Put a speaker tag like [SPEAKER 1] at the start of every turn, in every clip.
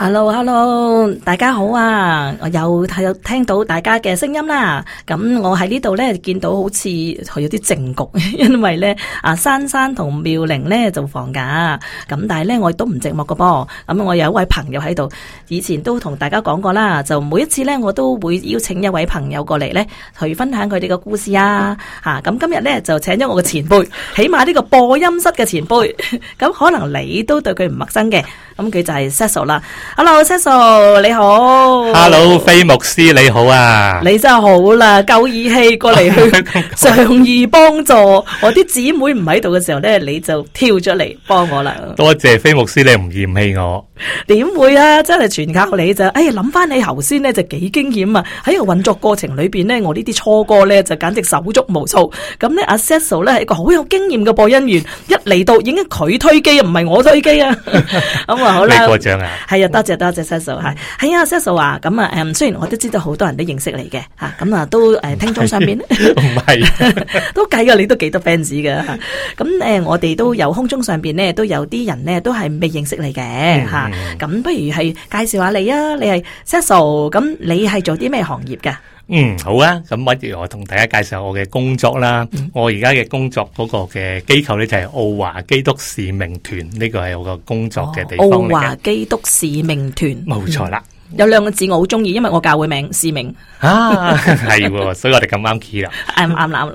[SPEAKER 1] hello hello，大家好啊！我又聽到大家嘅聲音啦，咁我喺呢度呢，見到好似佢有啲靜局，因為呢，啊珊珊同妙玲呢就放假。咁但係呢，我亦都唔寂寞噶噃，咁我有一位朋友喺度，以前都同大家講過啦，就每一次呢，我都會邀請一位朋友過嚟呢，去分享佢哋嘅故事啊，吓咁今日呢，就請咗我嘅前輩， 起碼呢個播音室嘅前輩，咁可能你都對佢唔陌生嘅，咁佢就係 Cecil 啦。hello Cecil 你好，hello
[SPEAKER 2] 飛牧師你好啊，你
[SPEAKER 1] 真係好啦，夠義氣過嚟去上幫，仗義幫助我啲姊妹唔喺度嘅時候咧，你就跳出嚟幫我啦。
[SPEAKER 2] 多謝飛牧師，你唔嫌棄我，
[SPEAKER 1] 點會啊？真係全靠你就哎呀，諗翻你頭先咧就幾驚險啊！喺個運作過程裏邊咧，我初哥呢啲初哥咧就簡直手足無措。咁咧，阿 Cecil 咧係一個好有經驗嘅播音員，一嚟到已經佢推機唔係我推機啊。咁 啊、嗯、好啦，你過獎啊，係啊。多謝多謝 Cecil，係係啊 Cecil 話咁啊，嗯，雖然我都知道好多人都認識你嘅吓，咁、uh, 啊都誒、uh, 聽眾上邊咧，
[SPEAKER 2] 唔 係不是，
[SPEAKER 1] 都計噶，你都幾多 fans 噶，咁誒，我哋都有空中上邊咧，都有啲人咧都係未認識你嘅吓，咁、uh, mm. uh, 不如係介紹下你啊，你係 Cecil，咁你係做啲咩行業噶？
[SPEAKER 2] 嗯，好啊，咁不如我同大家介紹我嘅工作啦。我而家嘅工作嗰個嘅機構咧就係奧華基督使命團，呢個係我個工作嘅地方嚟嘅。奧華
[SPEAKER 1] 基督使命團，冇錯啦。有兩個字我好中意，因為我教會名使命
[SPEAKER 2] 啊，係，所以我哋咁啱 key 啦。
[SPEAKER 1] 啱啦，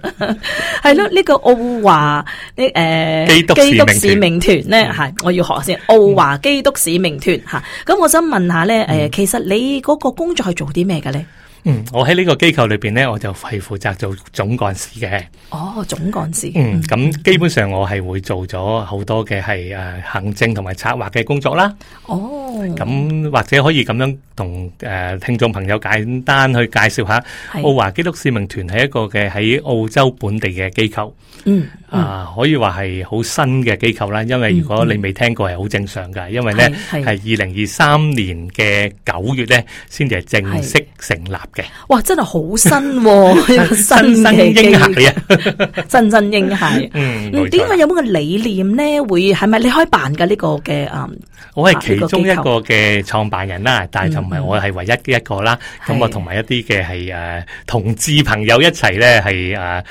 [SPEAKER 1] 係咯，呢個奧華，呢誒基督使命團咧，係我要學先。奧華基督使命團吓，咁我想問下咧，誒，其實你嗰個工作係做啲咩嘅咧？
[SPEAKER 2] 嗯，我喺呢個機構裏邊咧，我就係負責做總幹事嘅。
[SPEAKER 1] 哦，總幹事。嗯，
[SPEAKER 2] 咁基本上我係會做咗好多嘅係誒行政同埋策劃嘅工作啦。哦，咁或者可以咁樣同誒聽眾朋友簡單去介紹下。係，澳華基督使命團係一個嘅喺澳洲本地嘅機構。嗯，啊，可以話係好新嘅機構啦。因為如果你未聽過，係好正常噶。因為咧係二零二三年嘅九月咧，先至係正式成立。嘅，
[SPEAKER 1] 哇，真係好新，哦， 新新英孩啊，新 新英雄。嗯，點、嗯、解有咁嘅理念咧？ 會係咪你可以辦嘅呢、這個嘅？啊，
[SPEAKER 2] 我係其中一個嘅創辦人啦，嗯嗯，但係就唔係我係唯一嘅一個啦。咁、嗯嗯、我同埋一啲嘅係誒同志朋友一齊咧係誒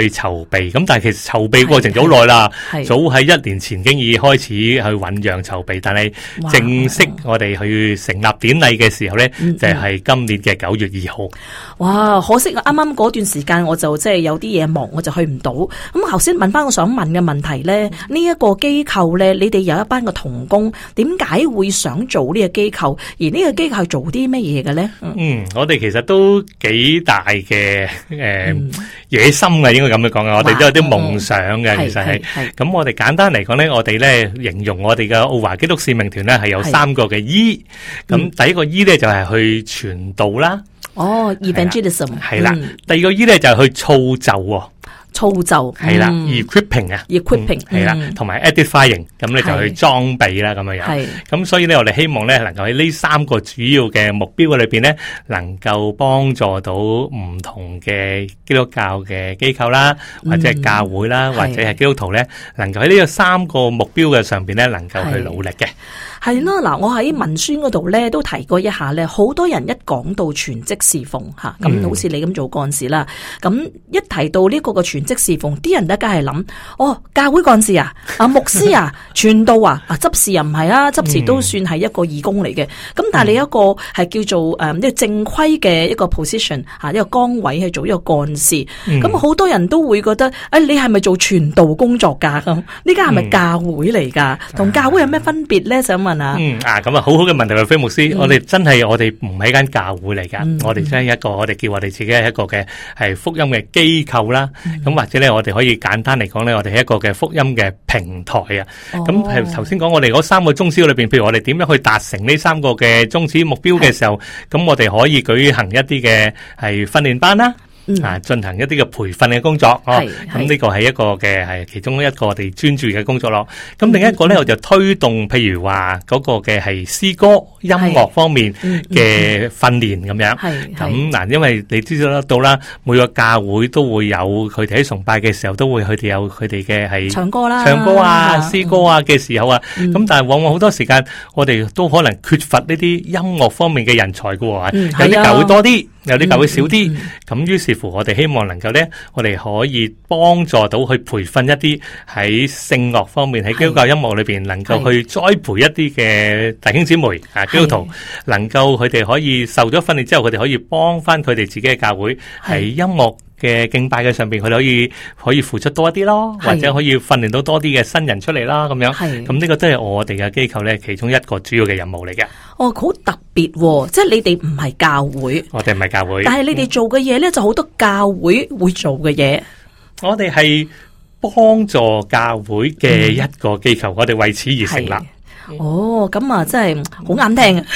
[SPEAKER 2] 去籌備。咁但係其實籌備過程好耐啦，係早喺一年前經已開始去醞釀籌備。但係正式我哋去成立典禮嘅時候咧、嗯嗯，就係、是、今年嘅九月二。
[SPEAKER 1] 好哇！可惜啱啱嗰段時間我就即係有啲嘢忙，我就去唔到。咁頭先問翻我想問嘅問題咧，呢、這、一個機構咧，你哋有一班嘅同工，點解會想做呢個機構？而呢個機構係做啲乜嘢嘅咧？嗯，
[SPEAKER 2] 我哋其實都幾大嘅誒、呃嗯、野心嘅，應該咁樣講啊！我哋都有啲夢想嘅、嗯，其實係咁。我哋簡單嚟講咧，我哋咧形容我哋嘅澳華基督使命團咧，係有三個嘅醫。咁第一個醫咧就係、是、去傳道啦。
[SPEAKER 1] 哦、oh，Evangelism 係啦、嗯，
[SPEAKER 2] 第二個依咧就去造就、哦，
[SPEAKER 1] 造就係啦
[SPEAKER 2] ，Equipping 啊，Equipping 係啦，同埋 edifying，咁、嗯、你就去裝備啦，咁樣樣，咁、嗯、所以咧我哋希望咧能夠喺呢三個主要嘅目標嘅裏邊咧，能夠幫助到唔同嘅基督教嘅機構啦，或者係教會啦，嗯、或者係基督徒咧，能夠喺呢個三個目標嘅上邊咧，能夠去努力嘅。
[SPEAKER 1] 係咯，嗱，我喺文宣嗰度咧都提過一下咧，好多人一講到全職侍奉吓咁好似你咁做幹事啦，咁一提到呢個個全職侍奉，啲人一家係諗，哦，教會幹事啊，啊牧師啊，傳 道啊，啊執事又唔係啊，執事都算係一個義工嚟嘅，咁、嗯、但係你一個係叫做誒一個正規嘅一個 position 一個崗位去做一個幹事，咁、嗯、好多人都會覺得，誒、哎、你係咪做傳道工作㗎？呢家係咪教會嚟㗎？同、嗯、教會有咩分別咧？想嗯
[SPEAKER 2] 啊，咁啊，好好嘅問題啊，飛牧師，我哋真係我哋唔係間教會嚟噶，我哋真係一個，我哋叫我哋自己係一個嘅係福音嘅機構啦。咁或者咧，我哋可以簡單嚟講咧，我哋係一個嘅福音嘅平台啊。咁頭先講我哋嗰三個宗旨裏邊，譬如我哋點樣去達成呢三個嘅宗旨目標嘅時候，咁我哋可以舉行一啲嘅係訓練班啦。啊、嗯！進行一啲嘅培訓嘅工作哦，咁呢個係一個嘅係其中一個我哋專注嘅工作咯。咁另一個咧，我就推動譬如話嗰個嘅係詩歌，音樂方面嘅訓練咁樣，咁嗱，因為你知道得到啦，每個教會都會有佢哋喺崇拜嘅時候都會佢哋有佢哋嘅係唱歌啦、唱歌啊、詩歌啊嘅時候啊。咁但係往往好多時間，我哋都可能缺乏呢啲音樂方面嘅人才嘅喎，有啲教會多啲，有啲教會少啲。咁於是乎，我哋希望能夠咧，我哋可以幫助到去培訓一啲喺聖樂方面喺基督教音樂裏邊能夠去栽培一啲嘅弟兄姊妹啊。基督徒能夠佢哋可以受咗訓練之後，佢哋可以幫翻佢哋自己嘅教會喺音樂嘅敬拜嘅上邊，佢哋可以可以付出多一啲咯，或者可以訓練到多啲嘅新人出嚟啦。咁樣，咁呢個真係我哋嘅機構咧，其中一個主要嘅任務嚟嘅。
[SPEAKER 1] 哦，好特別喎、哦！即係你哋唔係教會，
[SPEAKER 2] 我哋唔係教會，但係
[SPEAKER 1] 你哋做嘅嘢咧就好多教會會做
[SPEAKER 2] 嘅嘢、嗯。我哋係幫助教會嘅一個機構，我哋為此而成立。
[SPEAKER 1] 哦，咁啊，真係好啱聽啊！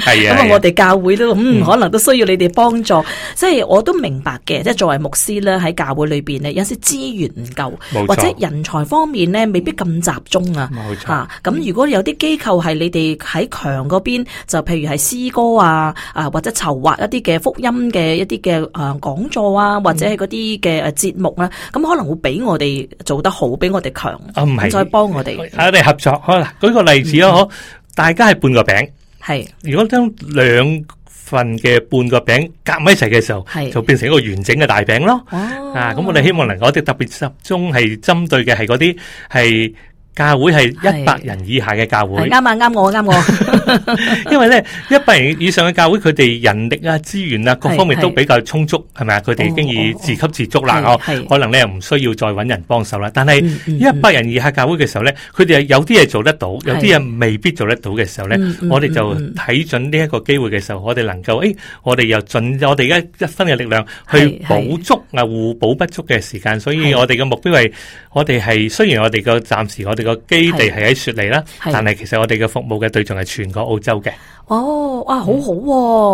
[SPEAKER 3] 係啊，咁啊，我
[SPEAKER 1] 哋教會都嗯，可能都需要你哋幫助。嗯、即係我都明白嘅，即係作為牧師咧，喺教會裏邊呢，有啲資源唔夠，或者人才方面呢，未必咁集中啊。冇錯，咁、啊、如果有啲機構係你哋喺強嗰邊，就譬如係詩歌啊，啊或者籌劃一啲嘅福音嘅一啲嘅誒講座啊，嗯、或者係嗰啲嘅誒節目啊，咁可能會比我哋做得好，比我哋強。唔、哦、係，再幫我哋，
[SPEAKER 2] 我哋合作舉個例子咯，嗬，大家係半個餅，係如果將兩份嘅半個餅夾埋一齊嘅時候，係就變成一個完整嘅大餅咯。啊，咁我哋希望能夠，我哋特別集中係針對嘅係嗰啲係。教會係一百人以下嘅教會，啱
[SPEAKER 1] 啊啱我啱我。
[SPEAKER 2] 因為咧一百人以上嘅教會，佢哋人力啊資源啊各方面都比較充足，係咪啊？佢哋已經以自給自足啦，哦，可能咧唔需要再揾人幫手啦。但係一百人以下教會嘅時候咧，佢哋係有啲嘢做得到，有啲嘢未必做得到嘅時候咧，我哋就睇準呢一個機會嘅時候，我哋能夠誒，我哋又盡我哋而家一分嘅力量去補足啊互補不足嘅時間。所以我哋嘅目標係我哋係雖然我哋個暫時我哋。個基地係喺雪梨啦，但係其實我哋嘅服務嘅對象係全國澳洲嘅。
[SPEAKER 1] 哦，哇，好好，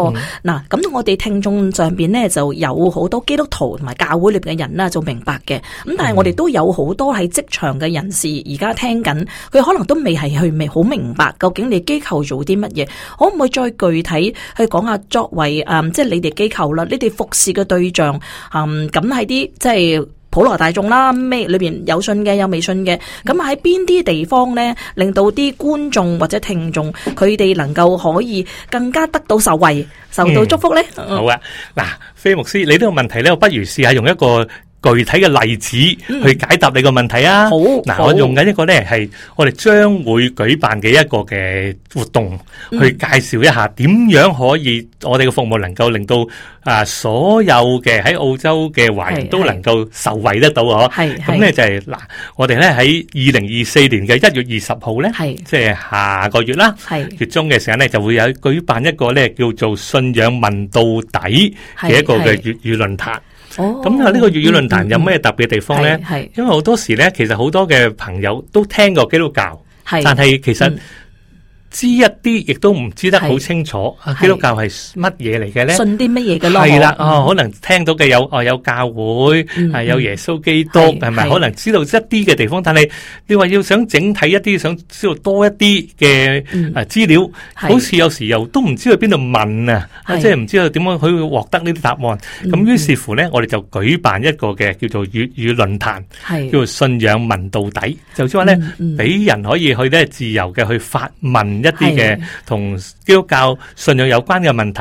[SPEAKER 1] 啊。嗱、嗯，咁我哋聽眾上邊呢，就有好多基督徒同埋教會裏邊嘅人啦，就明白嘅。咁但係我哋都有好多喺職場嘅人士而家，嗯，聽緊，佢可能都未係去未好明白，究竟你機構做啲乜嘢？可唔可以再具體去講下？作為誒，即、嗯、係、就是、你哋機構啦，你哋服侍嘅對象，嗯，咁係啲即係。就是普羅大眾啦，咩裏邊有信嘅，有未信嘅，咁喺邊啲地方咧，令到啲觀眾或者聽眾，佢哋能夠可以更加得到受惠，受到祝福咧？嗯、
[SPEAKER 2] 好啊，嗱，菲牧師，你呢個問題咧，我不如試下用一個。具體嘅例子去解答你個問題啊！好，嗱，我用緊一個咧係我哋將會舉辦嘅一個嘅活動，去介紹一下點樣可以我哋嘅服務能夠令到啊所有嘅喺澳洲嘅華人都能夠受惠得到啊！係，咁咧就係嗱，我哋咧喺二零二四年嘅一月二十號咧，係即係下個月啦，係月中嘅時間咧就會有舉辦一個咧叫做信仰問到底嘅一個嘅粵語論壇。咁、哦、啊！呢個粵語論壇有咩特別地方呢？嗯嗯、因為好多時呢，其實好多嘅朋友都聽過基督教，但係其實、嗯。知一啲，亦都唔知得好清楚。基督教係乜嘢嚟嘅咧？信
[SPEAKER 1] 啲乜嘢嘅咯？係啦，啊，可
[SPEAKER 2] 能聽到嘅有，哦，有教會，係有耶穌基督，係咪？可能知道一啲嘅地方，但係你話要想整體一啲，想知道多一啲嘅啊資料，好似有時又都唔知去邊度問啊，即係唔知道點樣去獲得呢啲答案。咁於是乎咧，我哋就舉辦一個嘅叫做粵語論壇，叫做信仰問到底，就即係話咧，俾人可以去咧自由嘅去發問。一啲嘅同基督教信仰有關嘅問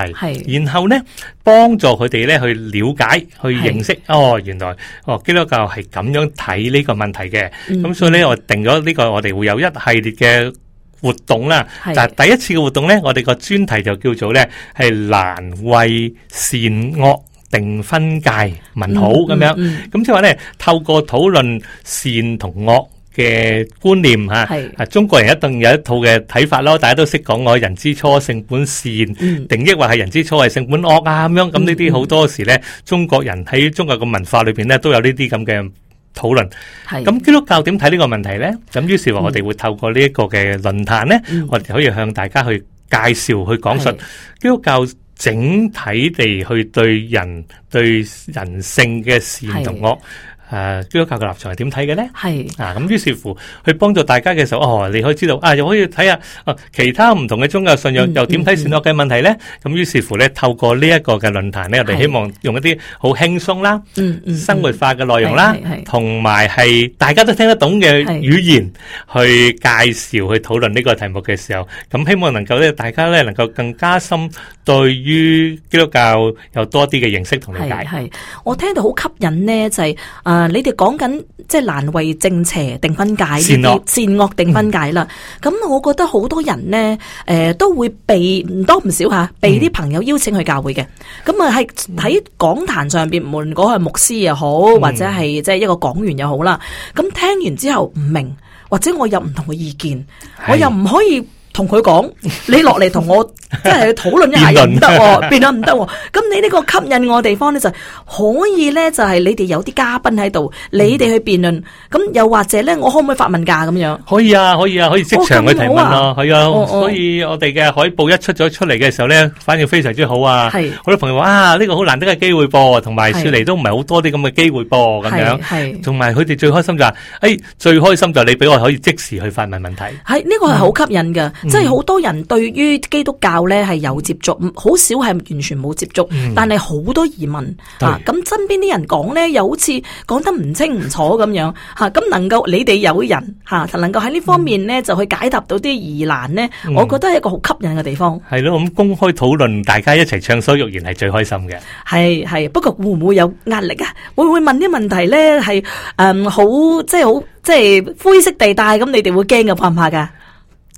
[SPEAKER 2] 題，然後咧幫助佢哋咧去了解、去認識。哦，原來哦基督教係咁樣睇呢個問題嘅。咁所以咧，我定咗呢個我哋會有一系列嘅活動啦。就第一次嘅活動咧，我哋個專題就叫做咧係難為善惡定分界問好咁樣。咁即係話咧透過討論善同惡。嘅觀念吓，係啊，中國人一定有一套嘅睇法咯，大家都識講我人之初性本善，定抑或係人之初係性本惡啊咁樣。咁呢啲好多時咧，中國人喺中國嘅文化裏邊咧都有呢啲咁嘅討論。係咁，基督教點睇呢個問題咧？咁於是話我哋會透過呢一個嘅論壇咧，我哋可以向大家去介紹、去講述基督教整體地去對人對人性嘅善同惡。誒基督教嘅立場係點睇嘅咧？係啊，咁於是乎去幫助大家嘅時候，哦，你可以知道啊，又可以睇下啊，其他唔同嘅宗教信仰又點睇善惡嘅問題咧。咁於是乎咧，透過呢一個嘅論壇咧，我哋希望用一啲好輕鬆啦、生活化嘅內容啦，同埋係大家都聽得懂嘅語言去介紹去討論呢個題目嘅時候，咁希望能夠咧，大家咧能夠更加深對於基督教有多啲嘅認識同理解。係，
[SPEAKER 1] 我聽到好吸引呢，就係啊～啊！你哋講緊即係難為正邪定分界善惡定分界啦，咁、嗯、我覺得好多人呢誒、呃、都會被唔多唔少吓，被啲朋友邀請去教會嘅，咁啊係喺講壇上邊無論嗰個牧師又好、嗯，或者係即係一個講員又好啦，咁聽完之後唔明，或者我有唔同嘅意見，我又唔可以。同佢講，你落嚟同我即係去討論一下，唔得喎，辯論唔得喎。咁你呢個吸引我地方咧，就可以咧，就係你哋有啲嘉賓喺度，你哋去辯論。咁又或者咧，我可唔可以發問噶？咁樣可
[SPEAKER 2] 以啊，可以啊，可以即場去提問啊。係啊，所以我哋嘅海報一出咗出嚟嘅時候咧，反應非常之好啊。係好多朋友話啊，呢個好難得嘅機會噃，同埋少嚟都唔係好多啲咁嘅機會噃。咁樣係，同埋佢哋最開心就係，誒，最開心就係你俾我可以即時去發問問題。
[SPEAKER 1] 係呢個係好吸引噶。即係好多人對於基督教咧係有接觸，好少係完全冇接觸、嗯，但係好多疑問咁、啊、身邊啲人講咧，又好似講得唔清唔楚咁樣吓。咁、啊、能夠你哋有人吓、啊，能夠喺呢方面咧就去解答到啲疑難咧、嗯，我覺得係一個好吸引嘅地方。
[SPEAKER 2] 係咯，咁、嗯、公開討論，大家一齊暢所欲言係最開心嘅。
[SPEAKER 1] 係係，不過會唔會有壓力啊？會唔會問啲問題咧？係誒、嗯，好即係好即係灰色地帶，咁你哋會驚嘅怕唔怕噶？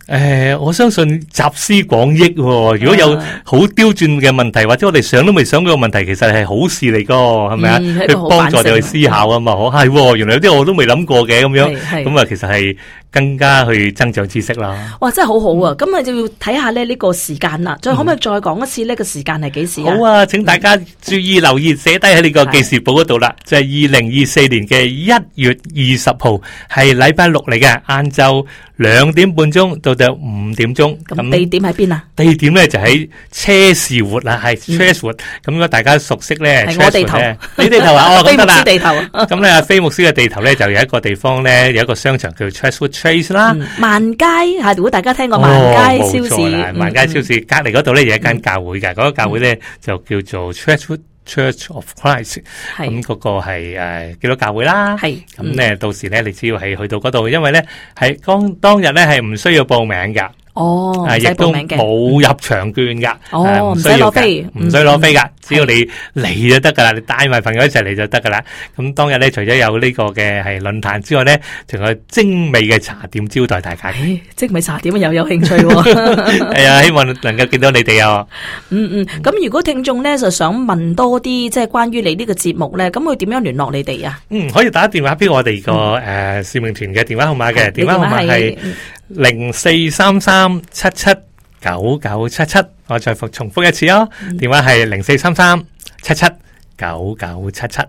[SPEAKER 2] 誒、呃，我相信集思廣益、哦。如果有好刁鑽嘅問題，或者我哋想都未想過嘅問題，其實係好事嚟噶，係咪啊？是是去幫助你去思考啊嘛，好、嗯、係。原來有啲我都未諗過嘅，咁樣，咁啊，其實係。更加去增長知識啦！
[SPEAKER 1] 哇，真係好好啊！咁啊，就要睇下咧呢個時間啦。再可唔可以再講一次呢個時間係幾時啊？好
[SPEAKER 2] 啊！請大家注意留意寫低喺呢個記事簿嗰度啦。就係二零二四年嘅一月二十號，係禮拜六嚟嘅晏晝兩點半鐘到到五點鐘。咁地點喺邊啊？地點咧就喺車士活啦，係車士活。咁如果大家熟悉咧，係我地頭。你地頭啊，我咁得啦。地頭。咁咧，飛牧師嘅地頭咧就有一個地方咧，有一個商場叫車士活。face、嗯、啦，
[SPEAKER 1] 萬佳如果大家聽過萬佳超市，萬萬佳超
[SPEAKER 2] 市隔離嗰度咧有一間教會嘅，嗰、嗯那個教會咧就叫做 Church Church of Christ，咁嗰、那個係誒幾多教會啦？係咁咧，嗯、到時咧你只要係去到嗰度，因為咧係當當日咧係唔需要報名㗎。
[SPEAKER 3] 哦，係亦都冇
[SPEAKER 2] 入場券噶，哦唔使攞飛，
[SPEAKER 1] 唔使攞飛噶，只要
[SPEAKER 2] 你嚟就得噶啦，你帶埋朋友一齊嚟就得噶啦。咁當日咧，除咗有呢個嘅係論壇之外咧，仲有精美嘅茶點招待大家。
[SPEAKER 1] 精美茶點又有興趣，係
[SPEAKER 2] 啊，希望能夠見到你哋啊。嗯嗯，
[SPEAKER 1] 咁如果聽眾咧就想問多啲，即係關於你呢個節目咧，咁佢點樣聯絡你哋啊？嗯，
[SPEAKER 2] 可以打電話俾我哋個誒，使命團嘅電話號碼嘅電話號碼係。零四三三七七九九七七，我再複重複一次哦。電話係零四三三七七九九七七。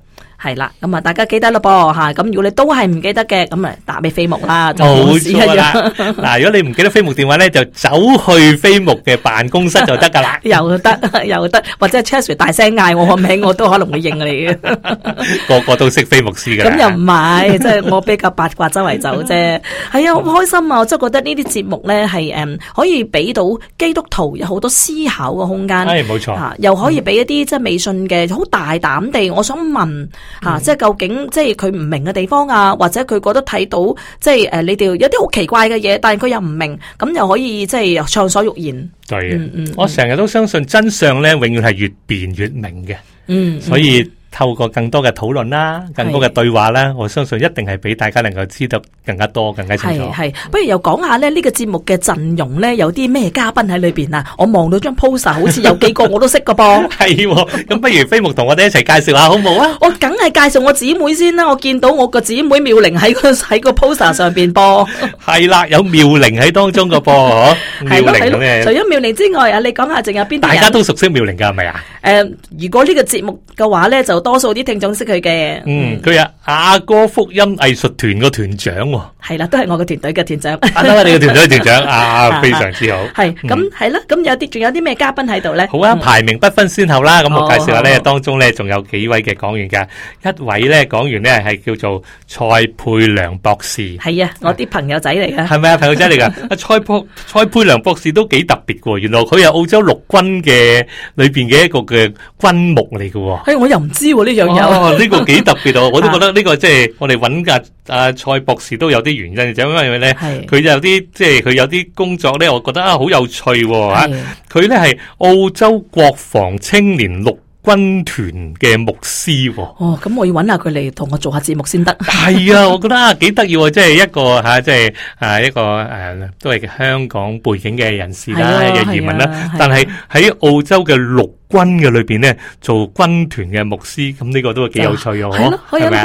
[SPEAKER 1] 係啦，咁啊，大家記得咯噃嚇。咁如果你都係唔記得嘅，咁咪打俾飛木啦。冇錯呀！嗱，
[SPEAKER 2] 如果你唔記, 記得飛木電話咧，就走去飛木嘅辦公室就得噶啦。
[SPEAKER 1] 又得又得，或者 Charles 大聲嗌我個 名，我都可能會應你
[SPEAKER 2] 嘅。個個都識飛木師㗎！咁 又
[SPEAKER 1] 唔係，即、就、係、是、我比較八卦走，周圍走啫。係啊，好開心啊！我真係覺得呢啲節目咧係、um, 可以俾到基督徒有好多思考嘅空間。冇、哎、錯、啊。又可以俾一啲、嗯、即係未信嘅好大膽地，我想問。吓、嗯啊，即係究竟，即係佢唔明嘅地方啊，或者佢覺得睇到，即係誒、呃，你哋有啲好奇怪嘅嘢，但係佢又唔明，咁又可以即係暢所欲言。
[SPEAKER 2] 對、嗯嗯、我成日都相信真相咧，永遠係越辯越明嘅。嗯，所以。嗯透過更多嘅討論啦，更多嘅對話啦，我相信一定係俾大家能夠知道更加多、更加清楚。係係，
[SPEAKER 1] 不如又講下咧呢個節目嘅陣容咧，有啲咩嘉賓喺裏邊啊？我望到張 poster，好似有
[SPEAKER 2] 幾個我都識㗎噃。係，咁不如飛牧同我哋一齊介紹下好唔
[SPEAKER 1] 好啊？我梗係介紹我姊妹先啦。我見到我個姊妹妙玲喺個喺個 poster 上邊噃。
[SPEAKER 2] 係啦，有妙玲喺當中嘅噃，嗬。係咯，除咗
[SPEAKER 1] 妙玲之外啊，你講下仲有邊？大家都
[SPEAKER 2] 熟悉妙玲㗎係咪啊？
[SPEAKER 1] 誒，如果呢個節目嘅話咧，就。多數啲聽眾識佢嘅，嗯，
[SPEAKER 2] 佢啊阿哥福音藝術團個團長，
[SPEAKER 1] 係啦，都係我個團隊嘅團長。阿德，你個團隊團長啊，非常之
[SPEAKER 2] 好。係咁
[SPEAKER 1] 係咯，咁有啲仲有啲咩嘉賓喺度咧？好啊，
[SPEAKER 2] 排名不分先後啦。咁我介紹下咧，當中咧仲有幾位嘅講員噶，一位咧講員咧係叫做蔡佩良博士。
[SPEAKER 1] 係啊，我啲朋友仔嚟噶，係咪啊朋友仔嚟噶？
[SPEAKER 2] 阿蔡佩蔡佩良博士都幾特別噶，原來佢係澳洲陸軍嘅裏邊嘅一個嘅軍牧嚟噶。
[SPEAKER 1] 係，我又唔知。呢個呢樣有，呢個
[SPEAKER 2] 幾特別度，我都覺得呢個即係我哋揾噶阿蔡博士都有啲原因，就因為咧，佢就有啲即係佢有啲工作咧，我覺得啊好有趣吓，佢咧係澳洲國防青年陸軍團嘅牧師。哦，
[SPEAKER 1] 咁我要揾下佢嚟同我做下節目先得。係
[SPEAKER 2] 啊，我覺得啊幾得意啊，即係一個吓，即係啊一個誒，都係香港背景嘅人士啦嘅移民啦，但係喺澳洲嘅陸。軍嘅裏邊咧做軍團嘅牧師，咁呢個都係幾有趣喎，係咪？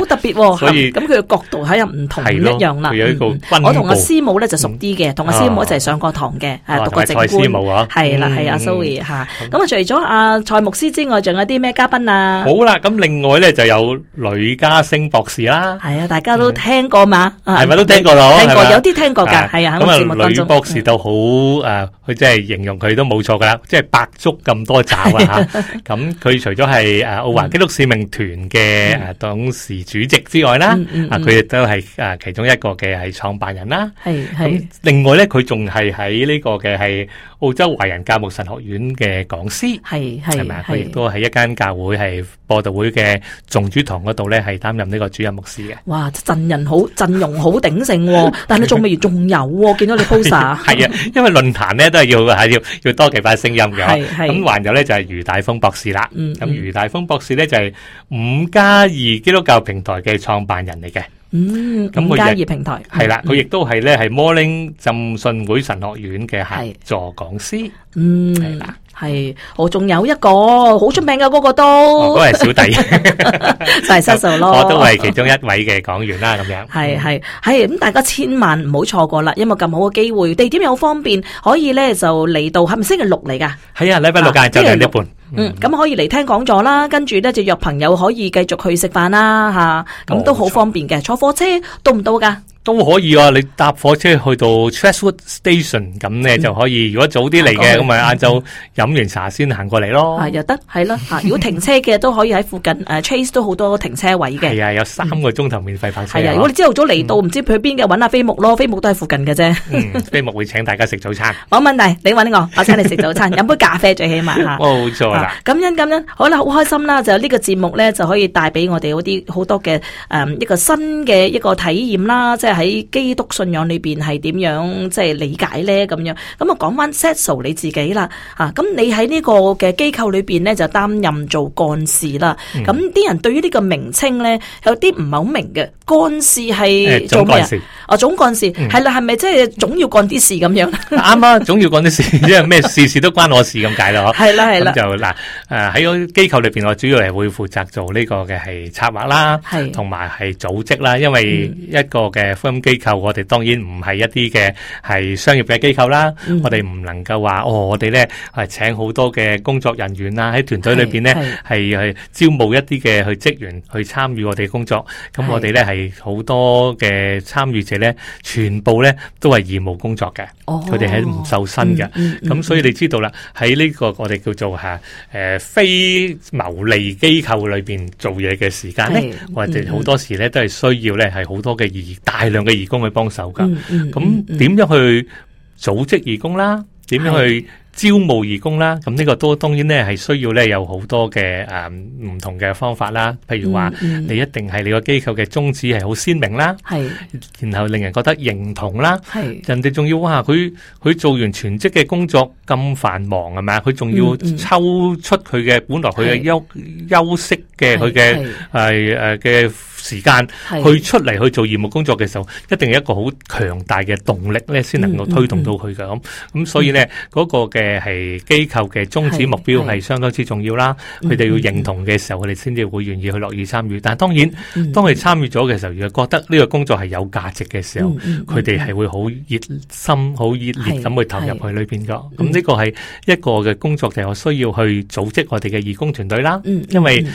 [SPEAKER 2] 所以咁
[SPEAKER 1] 佢嘅角度係有唔同唔一樣啦。佢有一套軍務。我同阿師母咧就熟啲嘅，同阿師母一齊上過堂嘅，係讀過證。師母啊，係啦，係阿 Sorry 吓。咁啊，除咗阿蔡牧師之外，仲有啲咩嘉賓啊？好
[SPEAKER 2] 啦，咁另外咧就有呂家昇博士啦。係
[SPEAKER 1] 啊，大家都聽過嘛？係咪都聽過咯？聽過有啲聽過噶，係啊。咁啊，呂博士
[SPEAKER 2] 都好誒，佢即係形容佢都冇錯噶啦，即係百足咁多爪啊！咁 佢除咗係誒奧華基督使命團嘅誒董事主席之外啦，啊佢亦都係誒其中一個嘅係創辦人啦。係係。另外咧，佢仲係喺呢個嘅係。澳洲華人教牧神學院嘅講師，係係係咪佢亦都喺一間教會係播道會嘅眾主堂嗰度咧係擔任呢個主任牧師嘅。
[SPEAKER 1] 哇陣人好，陣容好鼎盛，啊，但係仲未如仲有，啊， 見到你 poster 係啊，
[SPEAKER 2] 因為論壇咧都係要吓要要多幾把聲音嘅。咁，啊，還有咧就係，是，余大峰博士啦。咁，嗯嗯，余大峰博士咧就係五加二基督教平台嘅創辦人嚟嘅。
[SPEAKER 1] 嗯，咁佢亦平台係啦，
[SPEAKER 2] 佢亦都係咧係 Morning 浸信會神學院嘅係助講師，
[SPEAKER 1] 嗯係啦。係，我仲有一個好出名嘅嗰個都，嗰係小弟就係 sir 咯，我都係其
[SPEAKER 2] 中一位嘅講員啦，咁樣，
[SPEAKER 1] 係係係，咁大家千萬唔好錯過啦，因為咁好嘅機會，地點又好方便，可以咧就嚟到，係咪星期六嚟噶？
[SPEAKER 2] 係啊，禮拜六屆就係一半，嗯，
[SPEAKER 1] 咁可以嚟聽講座啦，跟住咧就約朋友可以繼續去食飯啦，吓，咁都好方便嘅，坐火車到唔到噶？
[SPEAKER 2] 都可以喎，你搭火車去到 Chatswood Station，咁咧就可以。如果早啲嚟嘅，咁咪晏晝飲完茶先行過嚟咯。係
[SPEAKER 1] 又得，係啦。嚇，如果停車嘅都可以喺附近誒，Chase 都好多停車位嘅。
[SPEAKER 2] 係啊，有三個鐘頭免費泊車。係啊，我哋朝
[SPEAKER 1] 頭早嚟到唔知去邊嘅，揾下飛牧咯，飛牧都係附近嘅啫。嗯，
[SPEAKER 2] 飛牧會請大家食早餐。
[SPEAKER 1] 冇問題，你揾我，我請你食早餐，飲杯咖啡最起碼嚇。冇錯啦。咁樣咁樣，好啦，好開心啦，就呢個節目咧就可以帶俾我哋嗰啲好多嘅誒一個新嘅一個體驗啦，即係。喺基督信仰裏邊係點樣即係理解咧，咁樣咁啊，講翻 Cecil 你自己啦。吓，咁你喺呢個嘅機構裏邊咧，就擔任做幹事啦。咁啲人對於呢個名稱咧，有啲唔係好明嘅，幹事係做咩啊？總幹事係啦，係咪即係總要幹啲事咁樣？
[SPEAKER 2] 啱啱，總要幹啲事。因為咩事事都關我事咁解咯。嗬，係啦係啦。就嗱，誒，喺個機構裏邊我主要係會負責做呢個嘅係策劃啦，係同埋係組織啦，因為一個嘅。金融機構我哋當然唔係一啲嘅係商業嘅機構啦，我哋唔能夠話哦，我哋咧係請好多嘅工作人員啊，喺團隊裏邊咧係係招募一啲嘅去職員去參與我哋工作。咁我哋咧係好多嘅參與者咧，全部咧都係義務工作嘅，佢哋係唔受薪嘅。咁所以你知道啦，喺呢個我哋叫做吓誒非牟利機構裏邊做嘢嘅時間咧，我哋好多時咧都係需要咧係好多嘅義大量嘅義工去幫手噶，咁點樣去組織義工啦？點樣去招募義工啦？咁呢個都當然咧係需要咧有好多嘅誒唔同嘅方法啦。譬如話你一定係你個機構嘅宗旨係好鮮明啦，係然後令人覺得認同啦，係人哋仲要話佢佢做完全職嘅工作咁繁忙係咪，佢仲要抽出佢嘅本來佢嘅休休息嘅佢嘅誒誒嘅。時間去出嚟去做義務工作嘅時候，一定有一個好強大嘅動力咧，先能夠推動到佢嘅咁。咁所以咧，嗰個嘅係機構嘅宗旨目標係相當之重要啦。佢哋要認同嘅時候，佢哋先至會願意去樂意參與。但係當然，當佢哋參與咗嘅時候，如果覺得呢個工作係有價值嘅時候，佢哋係會好熱心、好熱烈咁去投入去裏邊噶。咁呢個係一個嘅工作就係需要去組織我哋嘅義工團隊啦。因為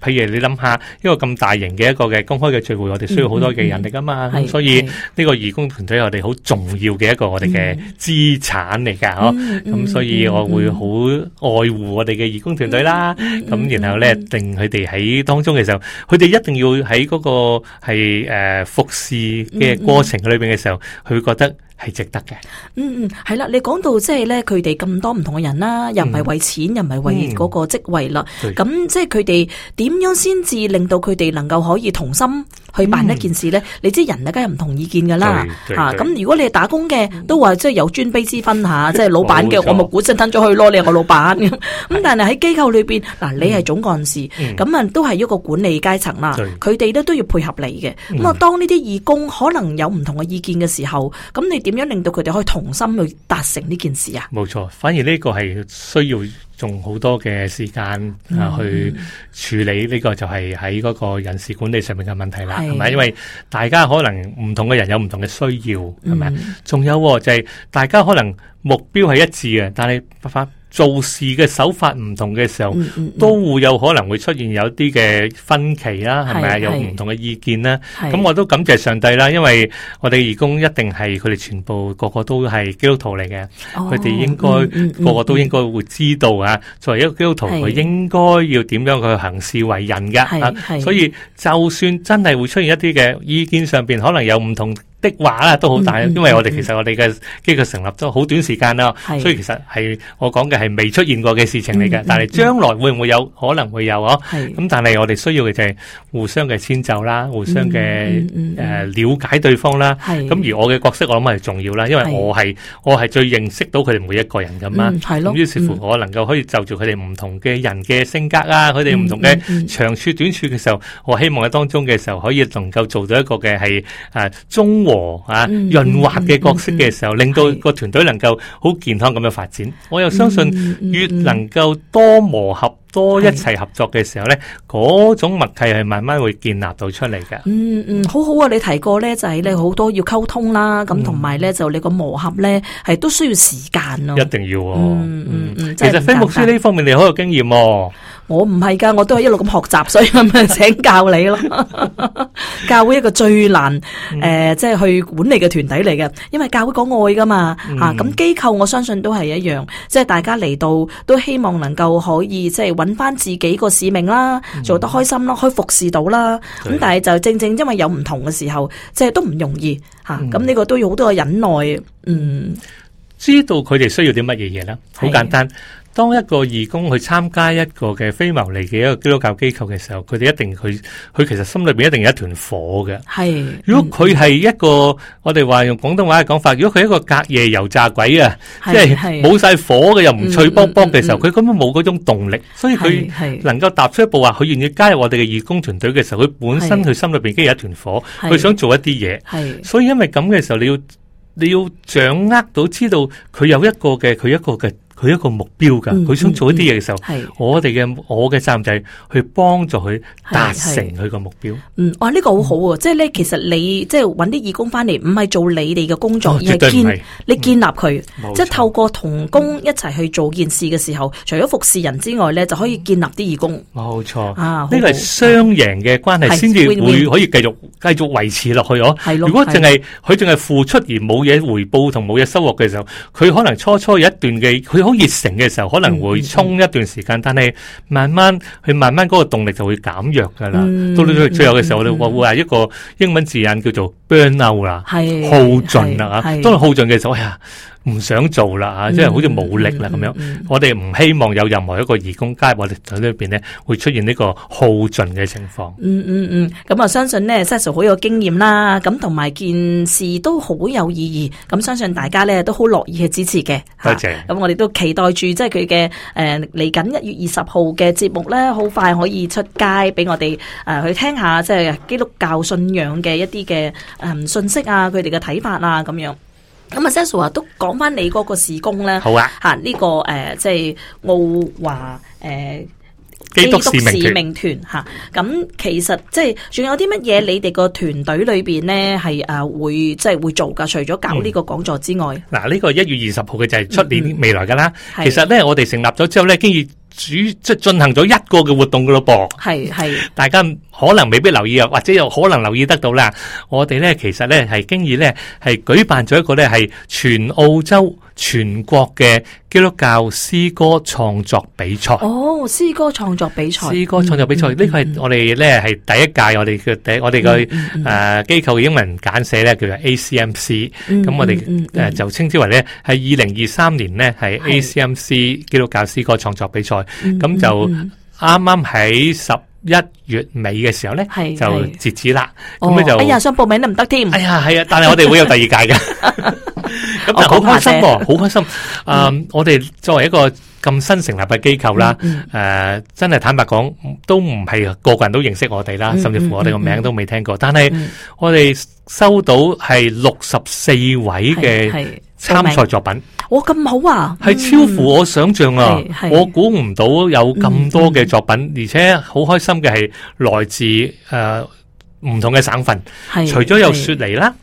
[SPEAKER 2] 譬如你諗下一個咁大型嘅一個嘅。公開嘅聚會，我哋需要好多嘅人力噶嘛，咁所以呢個義工團隊我哋好重要嘅一個我哋嘅資產嚟噶，嗬，咁所以我會好愛護我哋嘅義工團隊啦，咁然後咧定佢哋喺當中嘅時候，佢哋一定要喺嗰個係誒服侍嘅過程裏邊嘅時候，佢會覺得。係值得嘅，
[SPEAKER 1] 嗯嗯，係啦。你講到即係咧，佢哋咁多唔同嘅人啦，又唔係為錢，嗯、又唔係為嗰個職位啦。咁即係佢哋點樣先至令到佢哋能夠可以同心去辦一件事咧、嗯？你知人哋梗係唔同意見噶啦吓。咁、啊嗯、如果你係打工嘅，都話即係有尊卑之分吓，即、就、係、是、老闆嘅， 我咪估身吞咗去咯。你係個老闆咁。 但係喺機構裏邊，嗱、嗯啊，你係總幹事，咁、嗯、啊、嗯，都係一個管理階層啦。佢哋咧都要配合你嘅。咁、嗯、啊，當呢啲義工可能有唔同嘅意見嘅時候，咁你點樣令到佢哋可以同心去達成呢件事啊？
[SPEAKER 2] 冇錯，反而呢個係需要用好多嘅時間啊，去處理呢個就係喺嗰個人事管理上面嘅問題啦，係咪？因為大家可能唔同嘅人有唔同嘅需要，係咪？仲有喎，就係大家可能目標係一致嘅，但係不發。做事嘅手法唔同嘅時候，都會有可能會出現有啲嘅分歧啦，係咪啊？有唔同嘅意見啦。咁我都感謝上帝啦，因為我哋義工一定係佢哋全部個個都係基督徒嚟嘅，佢哋應該個個都應該會知道啊。作為一個基督徒，佢應該要點樣去行事為人嘅啊。所以就算真係會出現一啲嘅意見上邊，可能有唔同，的話啦都好大，因為我哋其實我哋嘅機構成立咗好短時間啦，所以其實係我講嘅係未出現過嘅事情嚟嘅。但係將來會唔會有可能會有啊？咁但係我哋需要嘅就係互相嘅遷就啦，互相嘅誒了解對方啦。咁而我嘅角色我諗係重要啦，因為我係我係最認識到佢哋每一個人咁啊。咁於是乎我能夠可以就住佢哋唔同嘅人嘅性格啊，佢哋唔同嘅長處短處嘅時候，我希望喺當中嘅時候可以能夠做到一個嘅係誒中。和啊，潤滑嘅角色嘅時候，令到個團隊能夠好健康咁樣發展。我又相信，越能夠多磨合、多一齊合作嘅時候咧，嗰種默契係慢慢會建立到出嚟嘅。嗯嗯，
[SPEAKER 1] 好好啊！你提過咧，就係、是、你好多要溝通啦，咁同埋咧就你個磨合咧係都需要時間咯。一
[SPEAKER 2] 定要、啊，嗯嗯嗯，其實飛牧師呢方面你好有經驗、啊。
[SPEAKER 1] 我唔係噶，我都係一路咁學習，所以咪請教你咯。 教會一個最難誒，即、嗯、係、呃就是、去管理嘅團體嚟嘅，因爲教會講愛噶嘛，吓咁機構我相信都係一樣，即、就、係、是、大家嚟到都希望能夠可以即係揾翻自己個使命啦、嗯，做得開心啦，可以服侍到啦。咁但係就正正因爲有唔同嘅時候，即、就、係、是、都唔容易吓。咁、啊、呢、嗯啊、個都要好多嘅忍耐，嗯，
[SPEAKER 2] 知道佢哋需要啲乜嘢嘢咧，好簡單。當一個義工去參加一個嘅非牟利嘅一個基督教機構嘅時候，佢哋一定佢佢其實心裏邊一定有一團火嘅。
[SPEAKER 1] 係
[SPEAKER 2] 如果佢係一個我哋話用廣東話嘅講法，如果佢一個隔夜油炸鬼啊，即係冇晒火嘅又唔脆卜卜嘅時候，佢根本冇嗰種動力。所以佢能夠踏出一步話佢願意加入我哋嘅義工團隊嘅時候，佢本身佢心裏邊已經有一團火，佢想做一啲嘢。係所以因為咁嘅時候，你要你要掌握到知道佢有一個嘅佢一個嘅。佢一個目標㗎，佢、嗯、想做一啲嘢嘅時候，嗯嗯、我哋嘅我嘅責任就係去幫助佢達成佢個目標。
[SPEAKER 1] 嗯，哇，呢、這個好好喎、嗯！即係咧，其實你即係揾啲義工翻嚟，唔係做你哋嘅工作，哦、而係建、嗯、你建立佢、嗯，即係透過同工一齊去做件事嘅時候，除咗服侍人之外咧，就可以建立啲義工。
[SPEAKER 2] 冇、嗯、錯啊，呢個係雙贏嘅關係先至會可以繼續繼續維持落去哦。係如果淨係佢淨係付出而冇嘢回報同冇嘢收穫嘅時候，佢可能初初有一段嘅佢。好熱誠嘅時候，可能會衝一段時間，但係慢慢佢慢慢嗰個動力就會減弱噶啦。到最後嘅時候，我哋話會話一個英文字眼叫做 burnout 啦，耗盡啦吓，當然耗盡嘅時候哎呀。唔想做啦吓，即、嗯、係好似冇力啦咁樣。我哋唔希望有任何一個義工街，我哋喺呢邊呢，會出現呢個耗盡嘅情況、
[SPEAKER 1] 嗯。嗯嗯嗯，咁啊，相信呢 Cecil 好有經驗啦，咁同埋件事都好有意義。咁相信大家呢，都好樂意去支持嘅。
[SPEAKER 3] 多謝，謝。
[SPEAKER 1] 咁我哋都期待住，即係佢嘅誒嚟緊一月二十號嘅節目咧，好快可以出街俾我哋誒去聽下，即係基督教信仰嘅一啲嘅誒信息啊，佢哋嘅睇法啊咁樣。咁阿 Cecil 都講翻你嗰個事工咧，吓呢、啊啊這個誒，即、呃、係、就是、澳華誒、呃、基督使命團咁、嗯啊、其實即係仲有啲乜嘢，你哋個團隊裏面咧係誒會即係、就是、會做噶，除咗搞呢個講座之外。
[SPEAKER 2] 嗱、嗯，呢、啊這個一月二十號嘅就係出年未來噶啦，嗯。其實咧，我哋成立咗之後咧，經主即進行咗一個嘅活動噶咯噃，
[SPEAKER 1] 係係，
[SPEAKER 2] 大家可能未必留意啊，或者有可能留意得到啦。我哋咧其實咧係經已咧係舉辦咗一個咧係全澳洲。全國嘅基督教詩歌創作比賽
[SPEAKER 1] 哦，詩歌創作比賽，詩歌創作比賽，mm-hmm. 呢個
[SPEAKER 2] 係我哋咧係第一屆我哋嘅我哋嘅誒機構英文簡寫咧叫做 ACMC，咁、mm-hmm. 我哋誒、mm-hmm. 呃、就稱之為咧係二零二三年呢，係 ACMC 是基督教詩歌創作比賽，咁、mm-hmm. 就啱啱喺十。一月尾嘅時候咧，就截止啦。咁你就哎呀，
[SPEAKER 1] 想報名都唔得添。哎呀，係啊，但係我哋會有第二
[SPEAKER 2] 屆㗎。咁
[SPEAKER 3] 好開心，好
[SPEAKER 2] 開心。嗯，我哋作為一個咁新成立嘅機構啦，誒，真係坦白講，都唔係個個人都認識我哋啦，甚至乎我哋個名都未聽過。但係我哋收到係六十四位嘅參賽作品。
[SPEAKER 1] 我、哦、咁好啊！係
[SPEAKER 2] 超乎我想象啊、嗯！我估唔到有咁多嘅作品，嗯、而且好開心嘅係來自誒呃、唔同嘅省份，除咗有雪梨啦。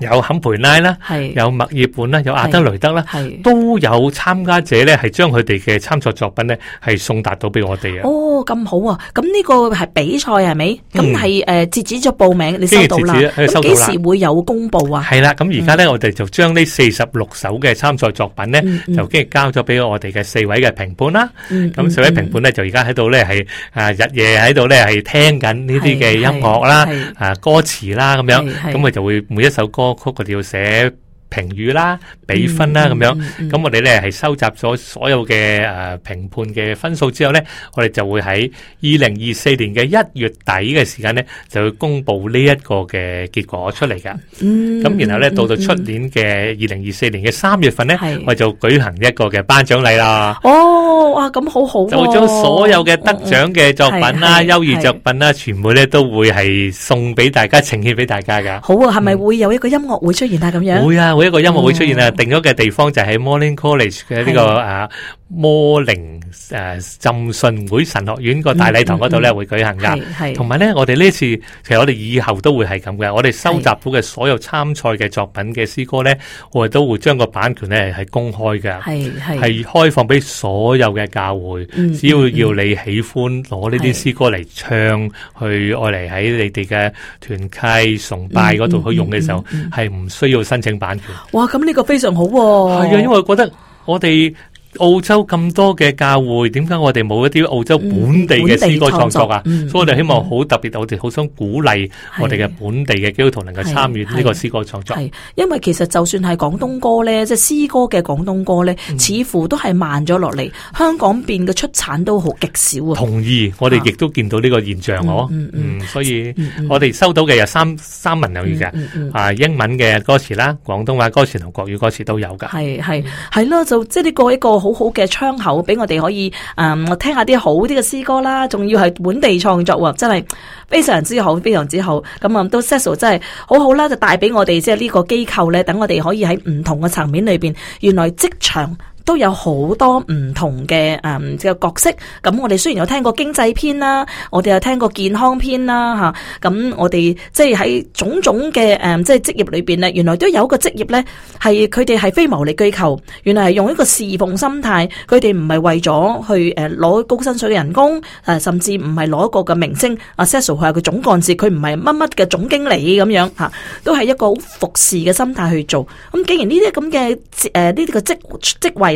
[SPEAKER 2] 有坎培拉啦，有墨爾本啦，有阿德雷德啦，都有參加者咧，係將佢哋嘅參賽作品咧，係送達到俾我哋啊！哦，
[SPEAKER 1] 咁好啊！咁呢個係比賽係咪？咁係誒截止咗報名，你收到啦？收幾時會有公佈啊？係
[SPEAKER 2] 啦，咁而家咧，我哋就將呢四十六首嘅參賽作品咧、嗯嗯，就跟住交咗俾我哋嘅四位嘅評判啦。咁、嗯、四位評判咧、嗯嗯，就而家喺度咧係啊日夜喺度咧係聽緊呢啲嘅音樂啦啊歌詞啦咁樣，咁佢就會每一首歌。歌曲嘅調寫。評語啦、比分啦咁樣，咁我哋咧係收集咗所有嘅誒評判嘅分數之後咧，我哋就會喺二零二四年嘅一月底嘅時間咧，就會公布呢一個嘅結果出嚟噶。
[SPEAKER 3] 咁然後咧，到到出
[SPEAKER 2] 年嘅二零二四年嘅三月份咧，我哋就舉行一個嘅頒獎禮啦。
[SPEAKER 3] 哦，
[SPEAKER 1] 哇，咁好好！就將所有嘅得獎嘅作品啦、優異作
[SPEAKER 2] 品啦，全部咧都會係送俾大家呈獻俾大家噶。好
[SPEAKER 1] 啊，係咪會有一個音樂會出現啊？咁樣會
[SPEAKER 2] 啊！每一個音樂會出現啊，定咗嘅地方就喺 Morning College 嘅呢個誒，Morning 誒浸信會神學院個大禮堂嗰度咧，會舉行噶。係係，同埋咧，我哋呢次其實我哋以後都會係咁嘅。我哋收集到嘅所有參賽嘅作品嘅詩歌咧，我哋都會將個版權咧係公開嘅，係係，係開放俾所有嘅教會。只要要你喜歡攞呢啲詩歌嚟唱，去愛嚟喺你哋嘅團契崇拜嗰度去用嘅時候，係唔需要申請版。
[SPEAKER 1] 哇！咁呢個非常好喎、啊，係啊，因
[SPEAKER 2] 為覺得我哋。澳洲咁多嘅教會，點解我哋冇一啲澳洲本地嘅詩歌創作啊、嗯嗯？所以我哋希望好特別，我哋好想鼓勵、嗯嗯、我哋嘅本地嘅基督徒能夠參與呢個詩歌創作。係，
[SPEAKER 1] 因為其實就算係廣東歌咧，即係詩歌嘅廣東歌咧、嗯，似乎都係慢咗落嚟。香港邊嘅出產都好極少啊！同
[SPEAKER 2] 意，我哋亦都見到呢個現象，嗬、啊。嗯，嗯，嗯，嗯，所以我哋收到嘅有三三文兩語嘅，啊英文嘅歌詞啦，廣東話歌詞同國語歌詞都有噶。
[SPEAKER 1] 係係係咯，就即係呢個一個。好好嘅窗口俾我哋可以，誒、嗯，我聽下啲好啲嘅詩歌啦，仲要係本地創作，真係非常之好，非常之好。咁啊，都 Cecil 真係好好啦，就帶俾我哋即係呢個機構呢，等我哋可以喺唔同嘅層面裏邊，原來職場。都有好多唔同嘅誒即係角色，咁我哋雖然有聽過經濟篇啦，我哋有聽過健康篇啦，吓，咁我哋即係喺種種嘅誒即係職業裏邊咧，原來都有一個職業咧，係佢哋係非牟利機構，原來係用一個侍奉心態，佢哋唔係為咗去誒攞高薪水嘅人工，誒甚至唔係攞一個嘅明星。阿 Cecil，佢係個總幹事，佢唔係乜乜嘅總經理咁樣吓，都係一個好服侍嘅心態去做。咁既然呢啲咁嘅誒呢啲嘅職職位，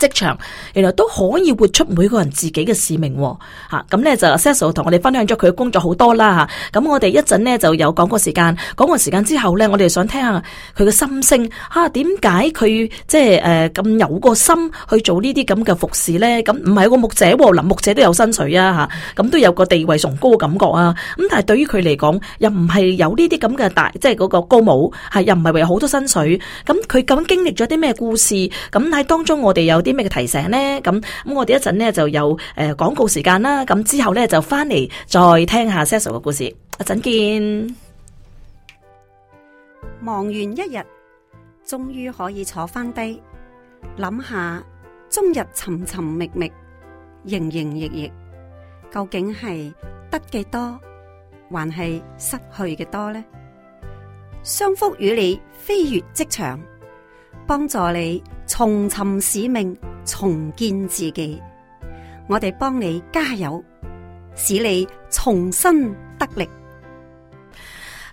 [SPEAKER 1] 職場原來都可以活出每個人自己嘅使命，哦，吓咁咧就 Cecil 同我哋分享咗佢嘅工作好多啦，吓，咁、啊、我哋一陣呢，就有講個時間，講個時間之後咧，我哋想聽下佢嘅心聲，吓？點解佢即係誒咁有個心去做這些、這呢啲咁嘅服侍咧？咁唔係個牧者，哦，林牧者都有薪水啊，吓，咁、啊、都、啊、有個地位崇高嘅感覺啊，咁、啊、但係對於佢嚟講，又唔係有呢啲咁嘅大，即係嗰個高帽，係、啊、又唔係為好多薪水，咁佢咁經歷咗啲咩故事？咁喺當中我哋有啲。啲咩嘅提醒咧？咁咁，我哋一陣咧就有誒廣告時間啦。咁之後咧就翻嚟再聽下 Cecil 嘅故事。
[SPEAKER 3] 一陣見，忙完一日，終於可以坐翻低，諗下終日尋尋覓覓，營營役役，究竟係得嘅多，還係失去嘅多咧？商福與你飛越職場。幫助你重尋使命，重建自己。我哋幫你加油，使你重新得力。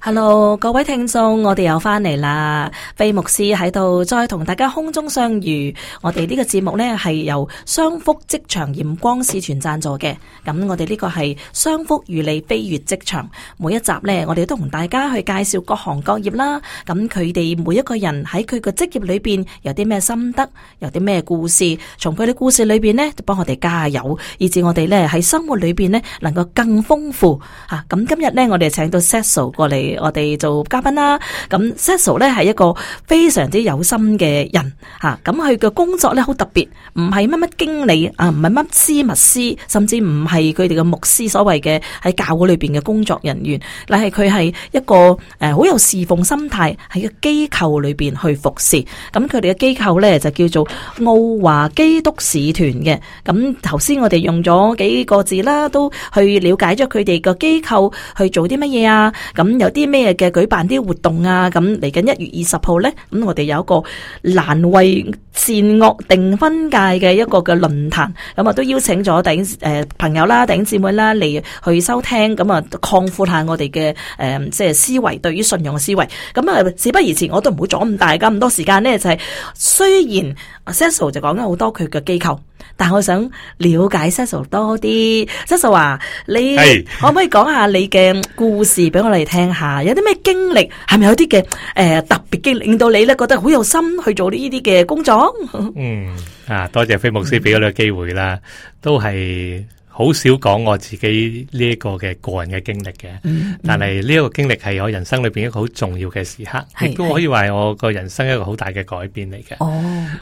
[SPEAKER 3] hello，各位聽眾，我哋又翻嚟啦。
[SPEAKER 1] 飛牧師喺度再同大家空中相遇。我哋呢個節目呢係由商福職場鹽光使團贊助嘅。咁我哋呢個係商福與你飛越職場。每一集呢，我哋都同大家去介紹各行各業啦。咁佢哋每一個人喺佢嘅職業裏邊有啲咩心得，有啲咩故事。從佢哋故事裏邊呢，就幫我哋加油，以至我哋呢喺生活裏邊呢，能夠更豐富吓。咁、啊、今日呢，我哋請到 Cecil 過嚟。我哋做嘉賓啦，咁 Cecil 咧係一個非常之有心嘅人吓，咁佢嘅工作咧好特別，唔係乜乜經理啊，唔係乜私密師，甚至唔係佢哋嘅牧師，所謂嘅喺教會裏邊嘅工作人員，但係佢係一個誒好有侍奉心態，喺個機構裏邊去服侍。咁佢哋嘅機構咧就叫做澳華基督使團嘅。咁頭先我哋用咗幾個字啦，都去了解咗佢哋個機構去做啲乜嘢啊。咁有。啲咩嘅舉辦啲活動啊，咁嚟緊一月二十號咧，咁我哋有一個難為善惡定分界嘅一個嘅論壇，咁啊都邀請咗頂誒朋友啦、頂姊妹啦嚟去收聽，咁啊擴闊下我哋嘅誒即係思維，對於信用嘅思維。咁啊事不宜遲，我都唔會阻咁大家咁多時間咧，就係雖然阿 Cecil 就講緊好多佢嘅機構。但我想了解 Cecil 多啲，Cecil 話，你可唔可以講下你嘅故事俾我哋聽下？有啲咩經歷？係咪有啲嘅誒特別經歷，令到你咧覺得好有心去做呢啲嘅工作？ 嗯，
[SPEAKER 2] 啊多謝飛牧師俾咗呢個機會啦， 都係。好少講我自己呢一個嘅個人嘅經歷嘅、嗯嗯，但係呢一個經歷係我人生裏邊一個好重要嘅時刻，亦都可以話我個人生一個好大嘅改變嚟嘅。哦，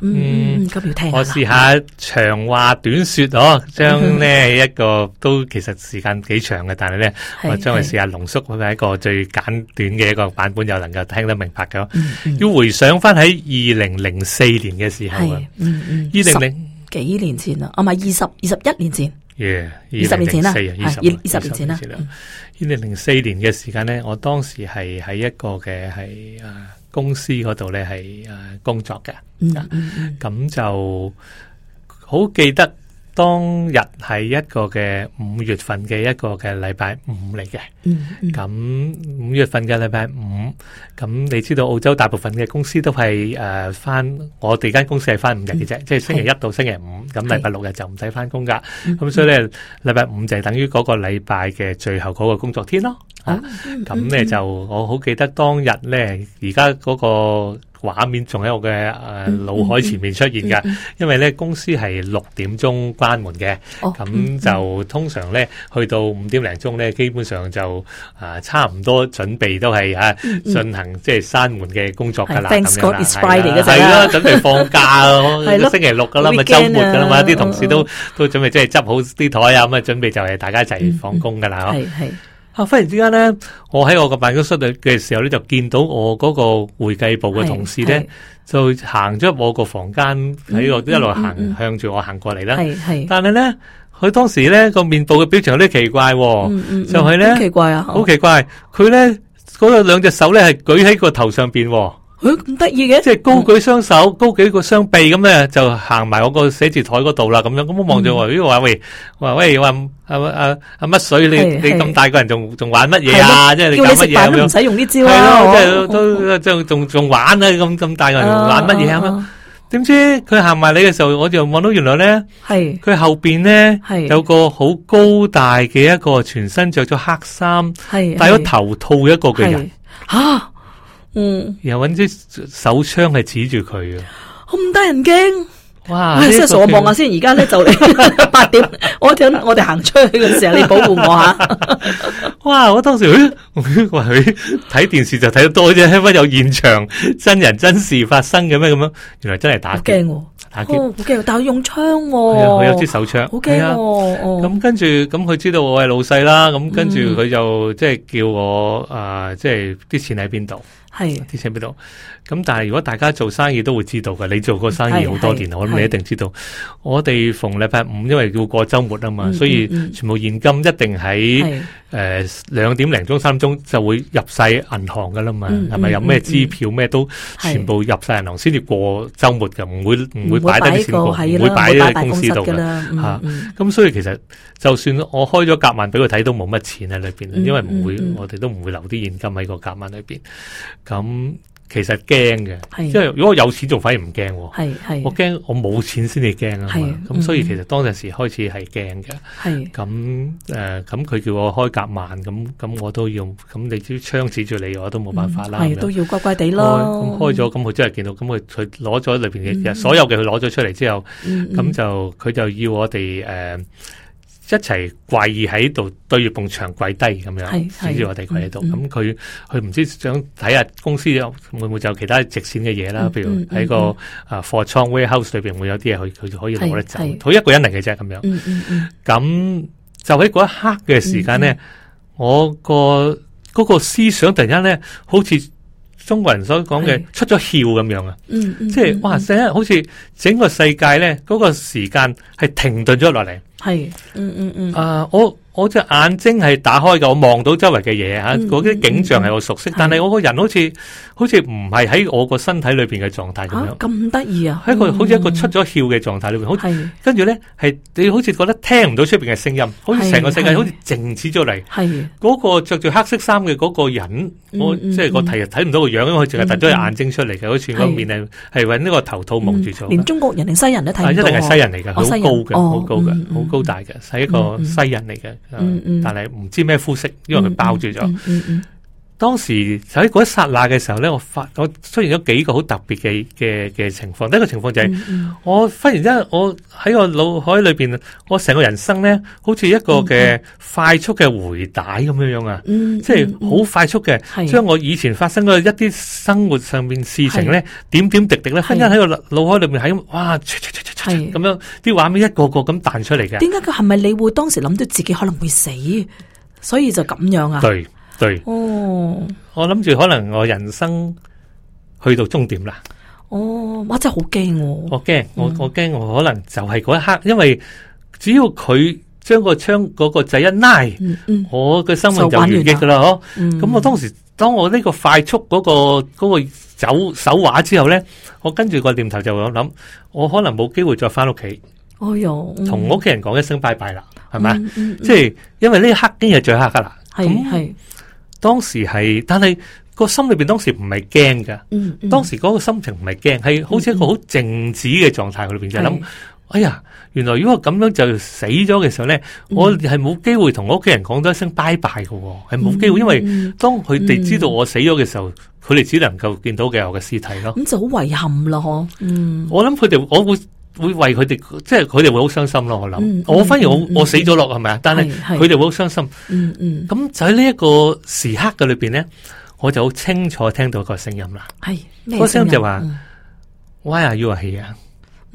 [SPEAKER 2] 嗯，咁、嗯、要聽。我試下長話短說，嗬、嗯，將呢、嗯、一個都其實時間幾長嘅，但係咧，我將佢試下濃縮喺一個最簡短嘅一個版本，又能夠聽得明白嘅、嗯嗯。要回想翻，喺二零零四年嘅時候啊，二零
[SPEAKER 1] 零幾年前啊，唔係二十二十一年前。二、yeah, 十20年前啦，係二十年
[SPEAKER 2] 前，二零零四年嘅時間呢，我當時係喺一個嘅係啊公司嗰度咧係啊工作嘅，咁、嗯嗯啊、就好記得。當日係一個嘅五月份嘅一個嘅禮拜五嚟嘅，咁、嗯、五、嗯、月份嘅禮拜五，咁你知道澳洲大部分嘅公司都係誒翻，我哋間公司係翻五日嘅啫，即係星期一到星期五，咁禮拜六日就唔使翻工噶，咁所以咧禮拜五就係等於嗰個禮拜嘅最後嗰個工作天咯，咁、啊、咧、嗯啊嗯、就我好記得當日咧而家嗰個畫面仲喺我嘅誒腦海前面出現㗎，因為咧公司係六點鐘關門嘅，
[SPEAKER 3] 咁就
[SPEAKER 2] 通常咧去到五點零鐘咧，基本上就啊差唔多準備都係啊進行即係閂門嘅工作㗎啦。Thanks God，it's Friday 啦，準備放假咯，星期六㗎啦，咪週末㗎啦嘛，啲同事都都準備即係執好啲台啊，咁啊準備就係大家一齊放工㗎啦，嗬。啊！忽然之間咧，我喺我個辦公室嘅時候咧，就見到我嗰個會計部嘅同事咧，就行咗入我個房間喺度一路行、嗯嗯嗯、向住我行過嚟啦。係係，但係咧，佢當時咧個面部嘅表情有啲奇，哦嗯嗯、奇，奇怪，就係咧好奇
[SPEAKER 1] 怪啊，好奇
[SPEAKER 2] 怪，佢咧嗰個兩隻手咧係舉喺個頭上邊、哦。佢咁得意嘅，即係高舉雙手、嗯，高舉個雙臂咁咧，就行埋我個寫字台嗰度啦，咁樣咁望住我。如果話喂，話喂，話啊啊啊乜水？你是是你咁大個人、啊你用用啊啊、大個人，仲仲玩乜嘢啊？即係你食飯都唔使用啲招咯，即係都仲仲玩啊！咁咁大個人玩乜嘢啊？點知佢行埋你嘅時候，我就望到原來咧，係佢後邊咧，係有個好高大嘅一個，全身着咗黑衫，係戴咗頭套嘅一個嘅人，吓。啊嗯，又揾支手槍係指住佢啊，
[SPEAKER 1] 好唔得人驚。哇！這個、真係傻我望下先。而家咧就嚟八點， 我我哋行出去嘅時候，你保護我吓。
[SPEAKER 2] 哇！我當時，我佢睇電視就睇得多啫，乜有現場真人真事發生嘅咩？咁樣，原來真係打驚、哦，打驚，
[SPEAKER 1] 好、哦、驚。但係用槍、哦，喎！佢有支
[SPEAKER 2] 手槍，好驚、哦。咁、啊哦、跟住，咁佢知道我係老細啦。咁跟住佢就即係叫我啊、嗯呃，即係啲錢喺邊度。係啲錢俾到，咁但係如果大家做生意都會知道嘅，你做過生意好多年，我諗你一定知道。我哋逢禮拜五，因為要過周末啊嘛、嗯嗯，所以全部現金一定喺誒，兩點零鐘、三鐘就會入晒銀行噶啦嘛。係、嗯、咪、嗯、有咩支票咩、嗯嗯、都全部入晒銀行，先至過周末嘅，唔會唔會擺喺個係唔會擺喺公司度啦。吓、嗯、咁、嗯啊，所以其實就算我開咗夾萬俾佢睇，都冇乜錢喺裏邊、嗯，因為唔會，嗯、我哋都唔會留啲現金喺個夾萬裏邊。咁其實驚嘅，因為如果我有錢，仲反而唔驚。係係，我驚我冇錢先至驚啦。咁所以其實當陣時開始係驚嘅。係咁誒，咁、嗯、佢、呃、叫我開夾萬，咁咁我都要。咁你支槍指住你，我都冇辦法啦。係、嗯、都要乖乖地咯。咁開咗，咁佢真係見到，咁佢佢攞咗裏邊嘅、嗯、所有嘅佢攞咗出嚟之後，咁、嗯、就佢就要我哋誒。呃一齊跪喺度對住埲牆跪低咁樣，跟住我哋跪喺度。咁佢佢唔知想睇下公司會會有會唔會就其他值錢嘅嘢啦，譬、嗯嗯嗯、如喺個啊貨倉 warehouse 裏邊會有啲嘢，佢佢就可以攞得走。佢一個人嚟嘅啫咁樣。咁、嗯嗯嗯、就喺嗰一刻嘅時間咧、嗯嗯，我個嗰、嗰個思想突然間咧，好似。中國人所講嘅出咗竅咁樣啊、嗯嗯，即係哇！成日好似整個世界咧嗰、那個時間係停頓咗落嚟，係，嗯嗯嗯啊我。我隻眼睛係打開嘅，我望到周圍嘅嘢吓，嗰、嗯、啲景象係我熟悉。是但係我個人好似好似唔係喺我個身體裏邊嘅狀態咁樣。咁
[SPEAKER 1] 得意啊！喺一個、嗯、好似一
[SPEAKER 2] 個出咗竅嘅狀態裏邊，跟住咧係你好似覺得聽唔到出邊嘅聲音，好似成個世界好似靜止咗嚟。嗰、嗰個着住黑色衫嘅嗰個人，嗯、我、嗯、即係我睇睇唔到個樣子、嗯，因為佢淨係突咗隻眼睛出嚟嘅、嗯，好似個面係搵呢個頭套蒙住咗。連
[SPEAKER 1] 中國人定西人都睇唔到、啊。一定係西人嚟嘅，好高嘅，好高
[SPEAKER 2] 嘅，好高大嘅，係一個西人嚟嘅。嗯嗯，但係唔知咩膚色，因為佢包住咗。嗯嗯嗯嗯嗯嗯當時喺嗰一刹那嘅時候咧，我發我出現咗幾個好特別嘅嘅嘅情況。第一個情況就係、是嗯嗯、我忽然間，我喺我腦海裏邊，我成個人生咧，好似一個嘅快速嘅回帶咁樣樣啊、嗯嗯，即係好快速嘅，將、嗯嗯、我以前發生嘅一啲生活上面事情咧，點點滴滴咧，忽然間喺個腦海裏邊喺哇，咁樣啲畫面一個一個咁彈出嚟嘅。點解
[SPEAKER 1] 佢係咪你會當時諗到自己可能會死，所以就咁樣啊？對對、
[SPEAKER 2] 哦、我諗住可能我人生去到終點啦。
[SPEAKER 1] 哦，哇真係好驚我，
[SPEAKER 2] 我驚我我驚我可能就係嗰一刻，因為只要佢將個槍嗰個掣一拉、嗯嗯，我嘅生命就完結噶啦嗬。咁、嗯、我當時、嗯、當我呢個快速嗰、嗰個、嗰個走手畫之後咧，我跟住個念頭就咁諗，我可能冇機會再翻屋企。
[SPEAKER 1] 哦、哎、喲，同屋
[SPEAKER 2] 企人講一聲拜拜啦，係、嗯、咪、嗯嗯？即係因為呢一刻經係最黑噶啦，係係。當時係，但係個心裏邊當時唔係驚噶，當時嗰個心情唔係驚，係好似一個好靜止嘅狀態佢裏邊、嗯嗯、就諗、是，哎呀，原來如果咁樣就死咗嘅時候咧、嗯，我係冇機會同我屋企人講多一聲拜拜嘅，係冇機會，因為當佢哋知道我死咗嘅時候，佢、嗯、哋、嗯、只能夠見到嘅我嘅屍體咯，咁
[SPEAKER 1] 就好遺憾咯。嗬。嗯，
[SPEAKER 2] 我諗佢哋我會。會為佢哋，即係佢哋會好傷心咯。我、嗯、諗，我反而我、嗯嗯、我死咗落係咪啊？但係佢哋會好傷心。嗯嗯。咁、嗯、就喺呢一個時刻嘅裏邊咧，我就好清楚聽到個聲音啦。係，聲音嗰個聲就話、嗯、Why are you here？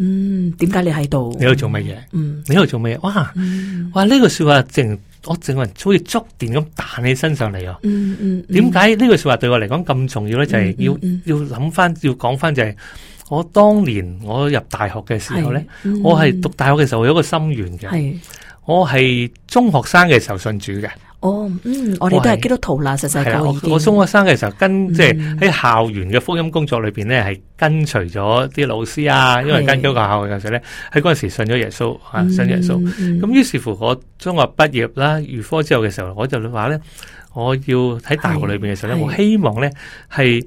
[SPEAKER 2] 嗯，
[SPEAKER 1] 點解你喺度？你喺度做乜嘢、嗯？你
[SPEAKER 2] 喺度做乜嘢？哇，嗯、哇呢、呢個說話整，整我整個人好似觸電咁彈你身上嚟啊！點解呢個說話對我嚟講咁重要咧、嗯？就係、是、要要諗翻，要講翻就係、是。我當年我入大學嘅時候咧，我係讀大學嘅時候有一個心願嘅，我係中學生嘅時候信主嘅。哦，
[SPEAKER 1] 嗯，我哋都係基督徒啦，實實在在。我中
[SPEAKER 2] 學生嘅時候跟即係喺校園嘅福音工作裏邊咧，係跟隨咗啲老師啊，因為跟基督教學校嘅時候咧，喺嗰陣時信咗耶穌啊，信耶穌。咁於是乎，我中學畢業啦，預科之後嘅時候，我就諗話咧，我要喺大學裏邊嘅時候咧，我希望咧係。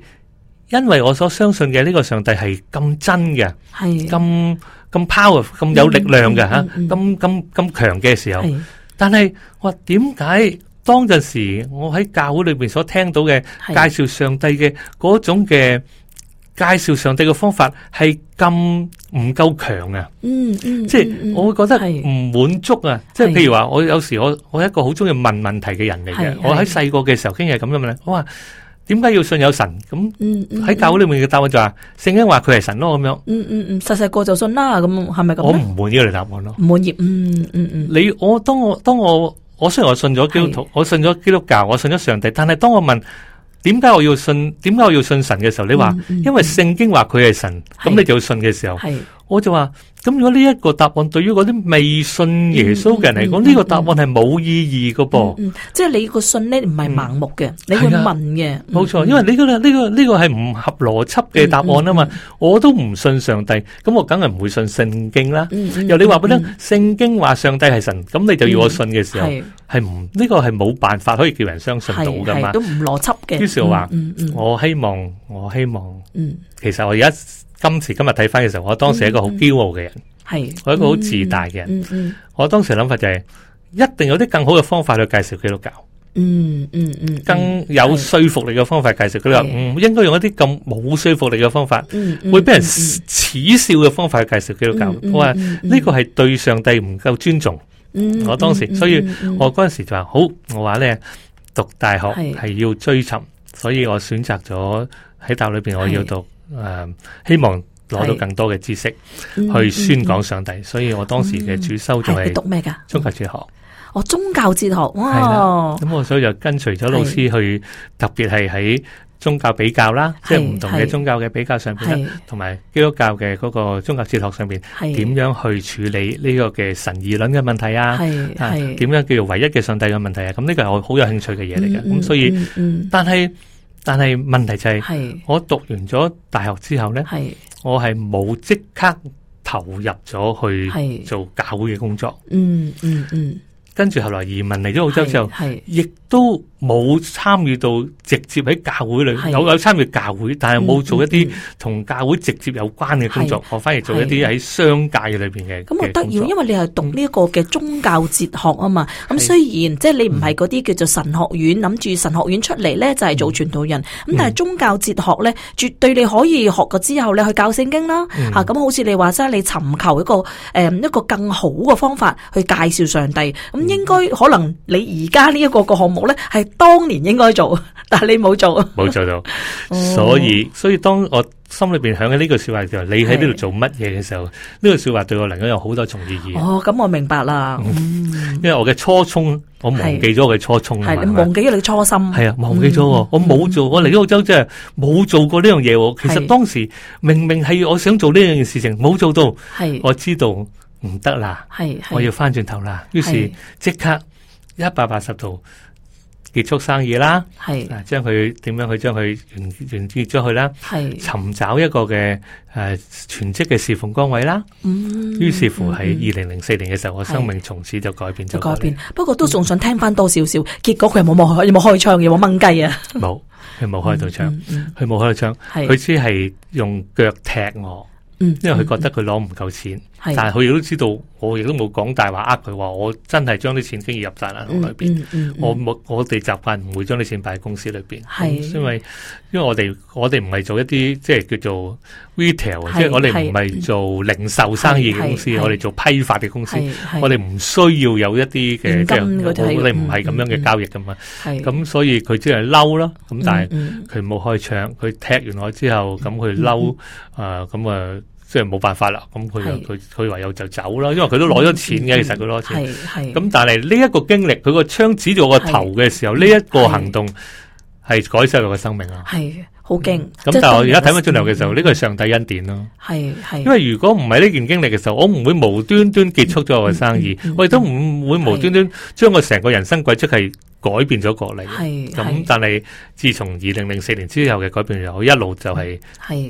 [SPEAKER 2] 因為我所相信嘅呢個上帝係咁真嘅，咁咁 power、咁有力量嘅吓，咁咁咁強嘅時候。但係我點解當陣時我喺教會裏邊所聽到嘅介紹上帝嘅嗰種嘅介紹上帝嘅方法係咁唔夠強啊？嗯嗯，即係我會覺得唔滿足啊！即係譬如話我有時我我係一個好中意問問題嘅人嚟嘅，我喺細個嘅時候經常咁樣問，我話。點解要信有神？咁喺教會裏面嘅答案就話、是嗯嗯、聖經話佢係神咯，咁樣。
[SPEAKER 1] 嗯嗯嗯，細細個就信啦，咁係咪咁？我唔
[SPEAKER 2] 滿意你個答案咯，唔滿意。嗯嗯嗯，你我當我當我我雖然我信咗基督，我信咗基督教，我信咗上帝，但係當我問點解我要信，點解我要信神嘅時候，你話、嗯嗯、因為聖經話佢係神，咁你就要信嘅時候。我就話咁，如果呢一個答案對於嗰啲未信耶穌嘅人嚟講，呢個答案係冇意義㗎噃。
[SPEAKER 1] 即係你個信咧唔係盲目嘅，你去問嘅。
[SPEAKER 2] 冇錯，因為你呢個呢個呢個係唔合邏輯嘅答案啊嘛。我都唔信上帝，咁我梗係唔會信聖經啦。又你話俾我聽，聖經話上帝係神，咁你就要我信嘅時候，係唔呢個係冇辦法可以叫人相信到噶嘛？都唔
[SPEAKER 1] 邏輯嘅。於是我話，
[SPEAKER 2] 我希望，我希望，
[SPEAKER 1] 嗯，
[SPEAKER 2] 其實我而家。今時今日睇翻嘅時候，我當時係一個好驕傲嘅人，
[SPEAKER 1] 係、嗯、我係一個好自大
[SPEAKER 2] 嘅人、嗯嗯嗯。我當時諗法就係、是，一定有啲更好嘅方法去介紹基督教。嗯嗯嗯，更有說服力嘅方法介紹佢話，唔應該用一啲咁冇說服力嘅方法，會俾人恥笑嘅方法去介紹基督教。嗯嗯、我話呢個係對上帝唔夠尊重。嗯，我當時、嗯嗯、所以，我嗰陣時就話好，我話咧讀大學係要追尋，所以我選擇咗喺大學裏邊我要讀。誒，希望攞到更多嘅知識去宣講上帝，所以我當時嘅主修就係讀咩噶？宗教哲學，
[SPEAKER 1] 哦，宗教哲學，哇！
[SPEAKER 2] 咁我所以就跟隨咗老師去，特別係喺宗教比較啦，即係唔同嘅宗教嘅比較上邊，同埋基督教嘅嗰個宗教哲學上邊，點樣去處理呢個嘅神義論嘅問題啊？係係點樣叫做唯一嘅上帝嘅問題啊？咁呢個係我好有興趣嘅嘢嚟嘅，咁所以，但係。但係問題就係、是，我讀完咗大學之後呢，是我係冇即刻投入咗去做教會嘅工作。嗯嗯嗯。
[SPEAKER 3] 嗯嗯
[SPEAKER 2] 跟住後來移民嚟咗澳洲之後，亦都冇參與到直接喺教會裏，有有參與教會，但係冇做一啲同教會直接有關嘅工作，我反而做一啲喺商界裏面嘅。咁我得
[SPEAKER 1] 要，因為你係讀呢一個嘅宗教哲學啊嘛。咁、嗯、雖然即係、就是、你唔係嗰啲叫做神學院，諗、嗯、住神學院出嚟咧就係做傳道人。咁、嗯、但係宗教哲學咧、嗯，絕對你可以學過之後咧去教聖經啦。咁、嗯啊、好似你話齋，你尋求一個、呃、一個更好嘅方法去介紹上帝咁。應該可能你而家呢一個個項目咧，係當年應該做，但係你冇做，冇做
[SPEAKER 2] 到。所以，所以當我心裏邊響起呢句說話嘅時候，你喺呢度做乜嘢嘅時候，呢句說話對我嚟講有好多重意義。
[SPEAKER 1] 哦，咁我明白啦。
[SPEAKER 2] 因為我嘅初衷，我忘記咗我嘅初衷。係你忘
[SPEAKER 1] 記咗你初心。係
[SPEAKER 2] 啊，忘記咗我，我冇做，我嚟澳洲即係冇做過呢樣嘢。其實當時明明係我想做呢樣嘢事情，冇做到。係我知道。唔得啦，我要翻轉頭啦，於是即刻一百八十度結束生意啦，係將佢點樣去將佢完結咗佢啦，係尋找一個嘅誒、啊、全職嘅侍奉崗位啦、嗯。於於是乎喺二零零四年嘅時候，我生命從此就改變咗。就改變，
[SPEAKER 1] 不過都仲想聽翻多少少、嗯，結果佢又冇冇、嗯、開，又、嗯、冇開槍嘅，冇掹雞啊，冇佢冇開到槍，佢、嗯、冇開槍，佢
[SPEAKER 2] 只係用腳踢我，嗯、因為佢覺得佢攞唔夠錢。嗯嗯嗯但係佢亦都知道，我亦都冇講大話，呃、佢話我真係將啲錢經已入晒銀行裏邊，我冇我哋習慣唔會將啲錢擺喺公司裏邊，因為因為我哋我哋唔係做一啲即係叫做 retail，即係我哋唔係做零售生意嘅公司，我哋做批發嘅公司，我哋唔需要有一啲嘅即係我哋唔係咁樣嘅交易噶嘛，咁所以佢即係嬲啦，咁但係佢冇開槍，佢踢完我之後咁佢嬲，啊咁啊。即係冇辦法啦，咁佢佢佢唯有就走啦，因為佢都攞咗錢嘅、嗯、其實佢攞錢咯，咁、嗯、但係呢一個經歷，佢個槍指住我個頭嘅時候，呢一、這個行動係改晒我嘅生命啊，係
[SPEAKER 1] 好驚。咁、嗯、但係我而家睇翻出嚟嘅時候，呢、
[SPEAKER 2] 這個係上帝恩典咯，係、嗯、係。因為如果唔係呢件經歷嘅時候，我唔會無端端結束咗我嘅生意，嗯嗯嗯、我亦都唔會無端端將我成個人生軌跡係。改變咗國力，咁但係自從二零零四年之後嘅改變之後，一路就係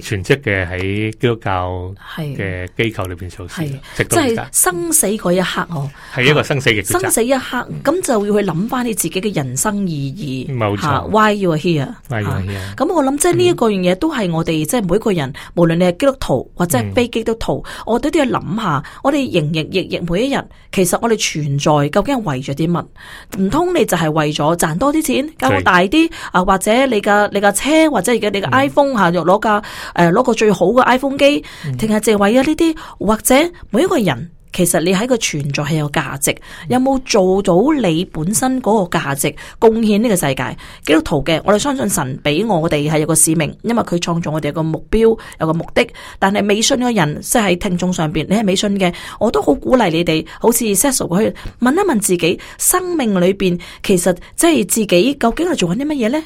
[SPEAKER 2] 全職嘅喺基督教嘅機構裏邊做事，即係、就是、
[SPEAKER 1] 生死嗰一刻、嗯、
[SPEAKER 2] 哦，係一個生死，嘅、啊、生死一
[SPEAKER 1] 刻，咁、嗯、就要去諗翻你自己嘅人生意義，冇錯，Why you are here？咁、啊 uh, 嗯、我諗，即係呢一個樣嘢，都係我哋即係每個人，嗯、無論你係基督徒或者係非基督徒，督徒嗯、我哋都要諗下，我哋營營役役，每一日，其實我哋存在究竟係為咗啲乜？唔通你就係為？為咗賺多啲錢，交大啲啊，或者你嘅你嘅車，或者而家你嘅 iPhone 吓、嗯，又攞個誒，攞個最好嘅 iPhone 機，定係淨係為咗呢啲，或者每一個人。其實你喺個存在係有價值，有冇做到你本身嗰個價值貢獻呢個世界？基督徒嘅，我哋相信神俾我哋係有個使命，因為佢創造我哋有個目標，有一個目的。但係未信嘅人，即係喺聽眾上邊，你係未信嘅，我都好鼓勵你哋，好似 Cecil 嗰句，問一問自己，生命裏邊其實即係自己究竟係做緊啲乜嘢呢？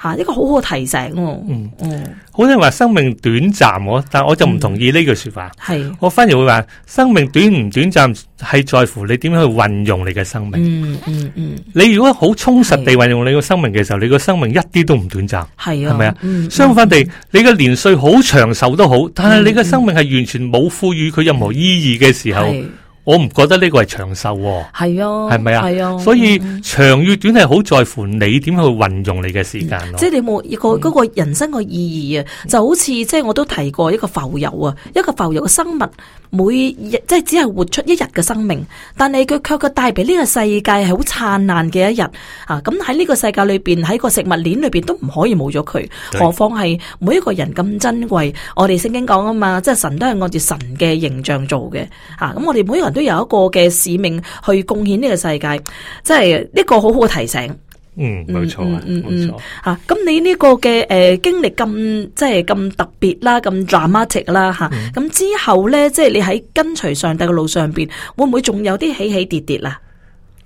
[SPEAKER 1] 吓，一個好好提醒。嗯嗯，
[SPEAKER 2] 好多人話生命短暫，但我就唔同意呢句說話。係、嗯，我反而會話生命短。唔短暫係在乎你點樣去運用你嘅生命。嗯嗯嗯，你如果好充實地運用你個生命嘅時候，你個生命一啲都唔短暫。係
[SPEAKER 1] 啊，係咪啊？相
[SPEAKER 2] 反地，嗯、你嘅年歲好長壽都好，但係你嘅生命係完全冇賦予佢任何意義嘅時候。嗯嗯嗯我唔覺得呢個係長壽喎，
[SPEAKER 1] 係啊，係咪啊？係啊,啊，所以
[SPEAKER 2] 長與短係好在乎你點去、嗯、運用你嘅時間即、啊、係、就
[SPEAKER 1] 是、你冇個嗰、嗯那個人生個意義啊，就好似即係我都提過一個浮游啊，一個浮游嘅生物，每日即係、就是、只係活出一日嘅生命，但係佢卻佢帶俾呢個世界係好燦爛嘅一日啊！咁喺呢個世界裏邊，喺個食物鏈裏邊都唔可以冇咗佢，何況係每一個人咁珍貴。我哋聖經講啊嘛，即、就、係、是、神都係按住神嘅形象做嘅吓咁、啊、我哋每一個。都有一個嘅使命去貢獻呢個世界，即係一個好好嘅提醒。嗯，冇、嗯、錯、嗯嗯、啊，冇錯。吓、呃，咁你呢個嘅誒經歷咁即係咁特別啦，咁 dramatic 啦吓。咁、啊嗯啊、之後咧，即係你喺跟隨上帝嘅路上邊，會唔會仲有啲起起跌跌啊？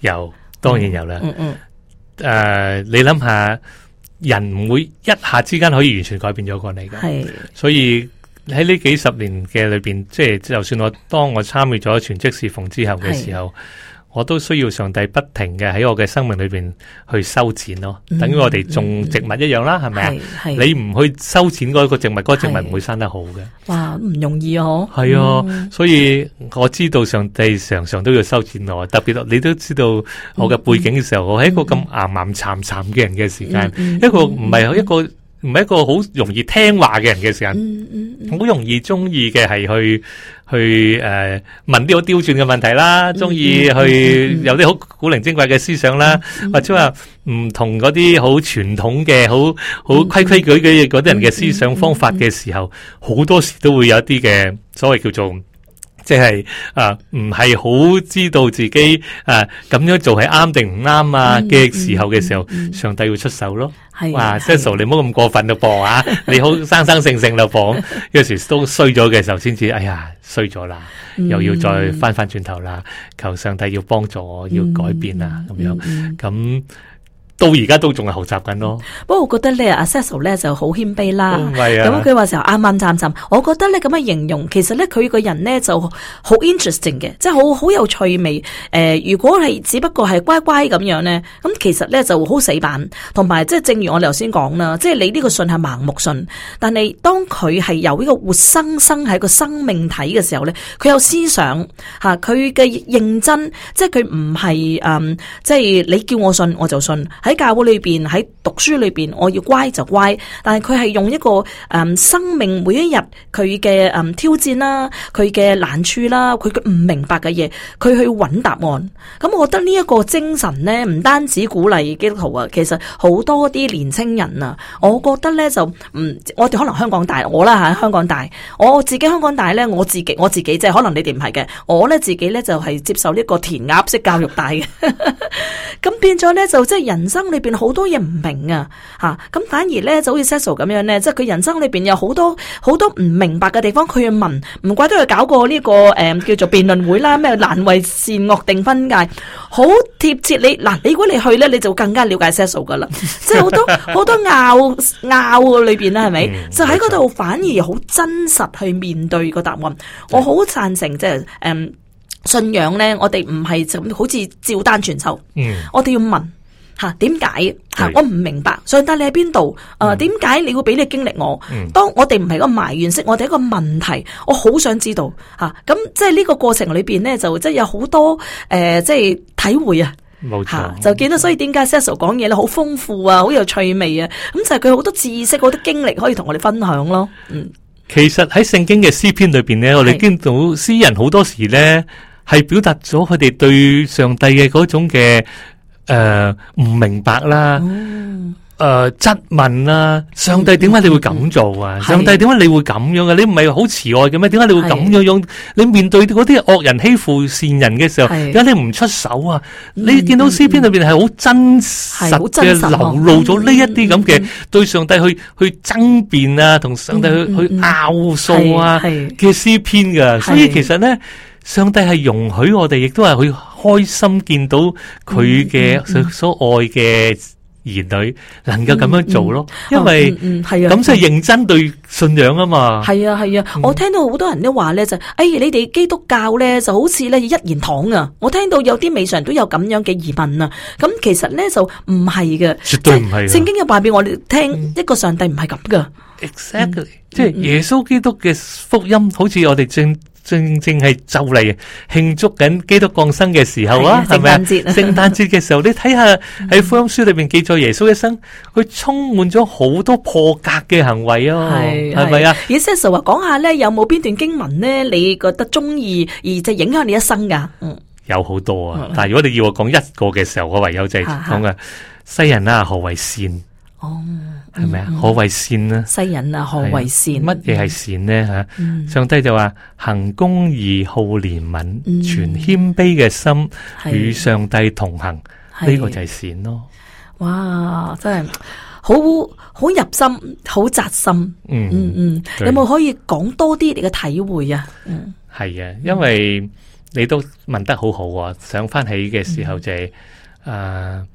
[SPEAKER 2] 有，當然有啦。
[SPEAKER 1] 嗯
[SPEAKER 2] 誒、呃，你諗下，人唔會一下之間可以完全改變咗過你㗎。係。所以。喺呢幾十年嘅裏邊，即係就算我當我參與咗全職侍奉之後嘅時候，我都需要上帝不停嘅喺我嘅生命裏邊去修剪咯，等於我哋種植物一樣啦，係咪啊？你唔去修剪嗰個植物，嗰個植物唔會生得好嘅。
[SPEAKER 1] 哇，唔容易嗬。係啊，
[SPEAKER 2] 所以我知道上帝常常都要修剪我，特別你都知道我嘅背景嘅時候，我喺一個咁陰陰慘慘嘅人嘅時間，一個唔係一個。唔係一個好容易聽話嘅人嘅時間，好、嗯嗯、容易中意嘅係去去誒、呃、問啲好刁鑽嘅問題啦，中意去有啲好古靈精怪嘅思想啦、嗯嗯，或者話唔同嗰啲好傳統嘅好好規規矩矩嗰啲人嘅思想方法嘅時候，好多時都會有一啲嘅所謂叫做。即係啊，唔係好知道自己啊咁樣做係啱定唔啱啊嘅時候嘅時候，上帝要出手咯。哇，Cecil，你唔好咁過分咯，噃啊！你好生生性性咯，噃。有時都衰咗嘅時候，先至哎呀，衰咗啦，又要再翻翻轉頭啦，求上帝要幫助，要改變啊，咁樣咁。到而家都仲係學習緊咯。
[SPEAKER 1] 不過我覺得咧，阿 Cecil 咧就好謙卑啦。咁佢話時候啱啱站站，我覺得咧，咁樣形容，其實咧，佢個人咧就好 interesting 嘅，即係好好有趣味。誒、呃，如果係只不過係乖乖咁樣咧，咁、嗯、其實咧就好死板。同埋即係正如我哋頭先講啦，即係你呢個信係盲目信，但係當佢係由呢個活生生喺個生命體嘅時候咧，佢有思想吓，佢、啊、嘅認真，即係佢唔係誒，即係你叫我信我就信。喺教會裏邊，喺讀書裏邊，我要乖就乖。但係佢係用一個誒、嗯、生命，每一日佢嘅誒挑戰啦，佢嘅難處啦，佢唔明白嘅嘢，佢去揾答案。咁我覺得呢一個精神呢，唔單止鼓勵基督徒啊，其實好多啲年青人，啊，我覺得呢就唔，我哋可能香港大我啦吓，香港大，我自己香港大呢，我自己我自己即係可能你哋唔係嘅，我呢自己呢，就係接受呢個填鴨式教育大嘅，咁 變咗呢，就即係人生。生裏邊好多嘢唔明白啊，吓、啊、咁反而咧就好似 Cecil 咁樣咧，即係佢人生裏邊有好多好多唔明白嘅地方，佢要問，唔怪得佢搞過呢、這個誒、嗯、叫做辯論會啦，咩難為善惡定分界，好貼切你嗱、啊。如果你去咧，你就更加了解 Cecil 噶啦， 即係好多好多拗拗 裏邊咧，係咪、嗯、就喺嗰度反而好真實去面對個答案？嗯、我好贊成即係誒、嗯、信仰咧，我哋唔係就好似照單全收、嗯，我哋要問。吓，點解？吓，我唔明白。上帝，你喺邊度？誒，點解你會俾你經歷我、嗯？當我哋唔係個埋怨式，我哋一個問題，我好想知道。吓、啊，咁即係呢個過程裏邊咧、呃啊，就即係有好多誒，即係體會啊。冇錯，就見到所以點解 Cecil 講嘢咧，好豐富啊，好有趣味啊。咁就係佢好多知識，好多經歷可以同我哋分享咯。嗯，
[SPEAKER 2] 其實喺聖經嘅詩篇裏邊咧，我哋見到詩人好多時咧，係表達咗佢哋對上帝嘅嗰種嘅。誒、呃，唔明白啦，誒、呃，質問啦，上帝點解你會咁做啊？嗯、上帝點解你會咁樣嘅、啊？你唔係好慈愛嘅咩？點解你會咁樣樣？你面對嗰啲惡人欺負善人嘅時候，點解你唔出手啊？你見到詩篇裏邊係好真實嘅、嗯嗯、流露咗呢一啲咁嘅對上帝去去爭辯啊，同上帝去、嗯嗯、去拗數啊嘅詩篇㗎、啊。所以其實咧，上帝係容許我哋，亦都係去。開心見到佢嘅所所愛嘅兒女能夠咁樣做咯，因為咁即係認真對信仰啊嘛。係
[SPEAKER 1] 啊係啊，我聽到好多人都話咧就，哎，你哋基督教咧就好似咧一言堂啊！我聽到有啲未常都有咁樣嘅疑問啊。咁其實咧就唔係嘅，絕對唔係。聖經嘅話俾我哋聽，一個上帝唔係咁噶。Exactly，即係
[SPEAKER 2] 耶穌基督嘅福音，好似我哋正正正係就嚟慶祝緊基督降生嘅時候啊，係咪啊？聖誕節嘅時候，你睇下喺福音書裏邊記載耶穌一生，佢充滿咗好多破格嘅行為啊，係咪啊？
[SPEAKER 1] 耶穌啊，講下咧，有冇邊段經文咧？你覺得中意而就影響你一生噶？
[SPEAKER 2] 有好多啊，但係如果你要我講一個嘅時候，我唯有就係講啊，世人啊何為善？
[SPEAKER 1] 哦。係咪啊？何為
[SPEAKER 2] 善啊？世
[SPEAKER 1] 人啊，何為
[SPEAKER 2] 善？乜嘢係善呢？吓、嗯，上帝就話行公義、好憐憫、全謙卑嘅心，與、嗯、上帝同行，呢、啊呢個就係善咯。
[SPEAKER 1] 哇，真係好好入心，好扎心。嗯嗯嗯，有冇可以講多啲你嘅體會啊？嗯，
[SPEAKER 2] 係啊，因為你都問得好好好、啊，想翻起嘅時候就誒、是。嗯啊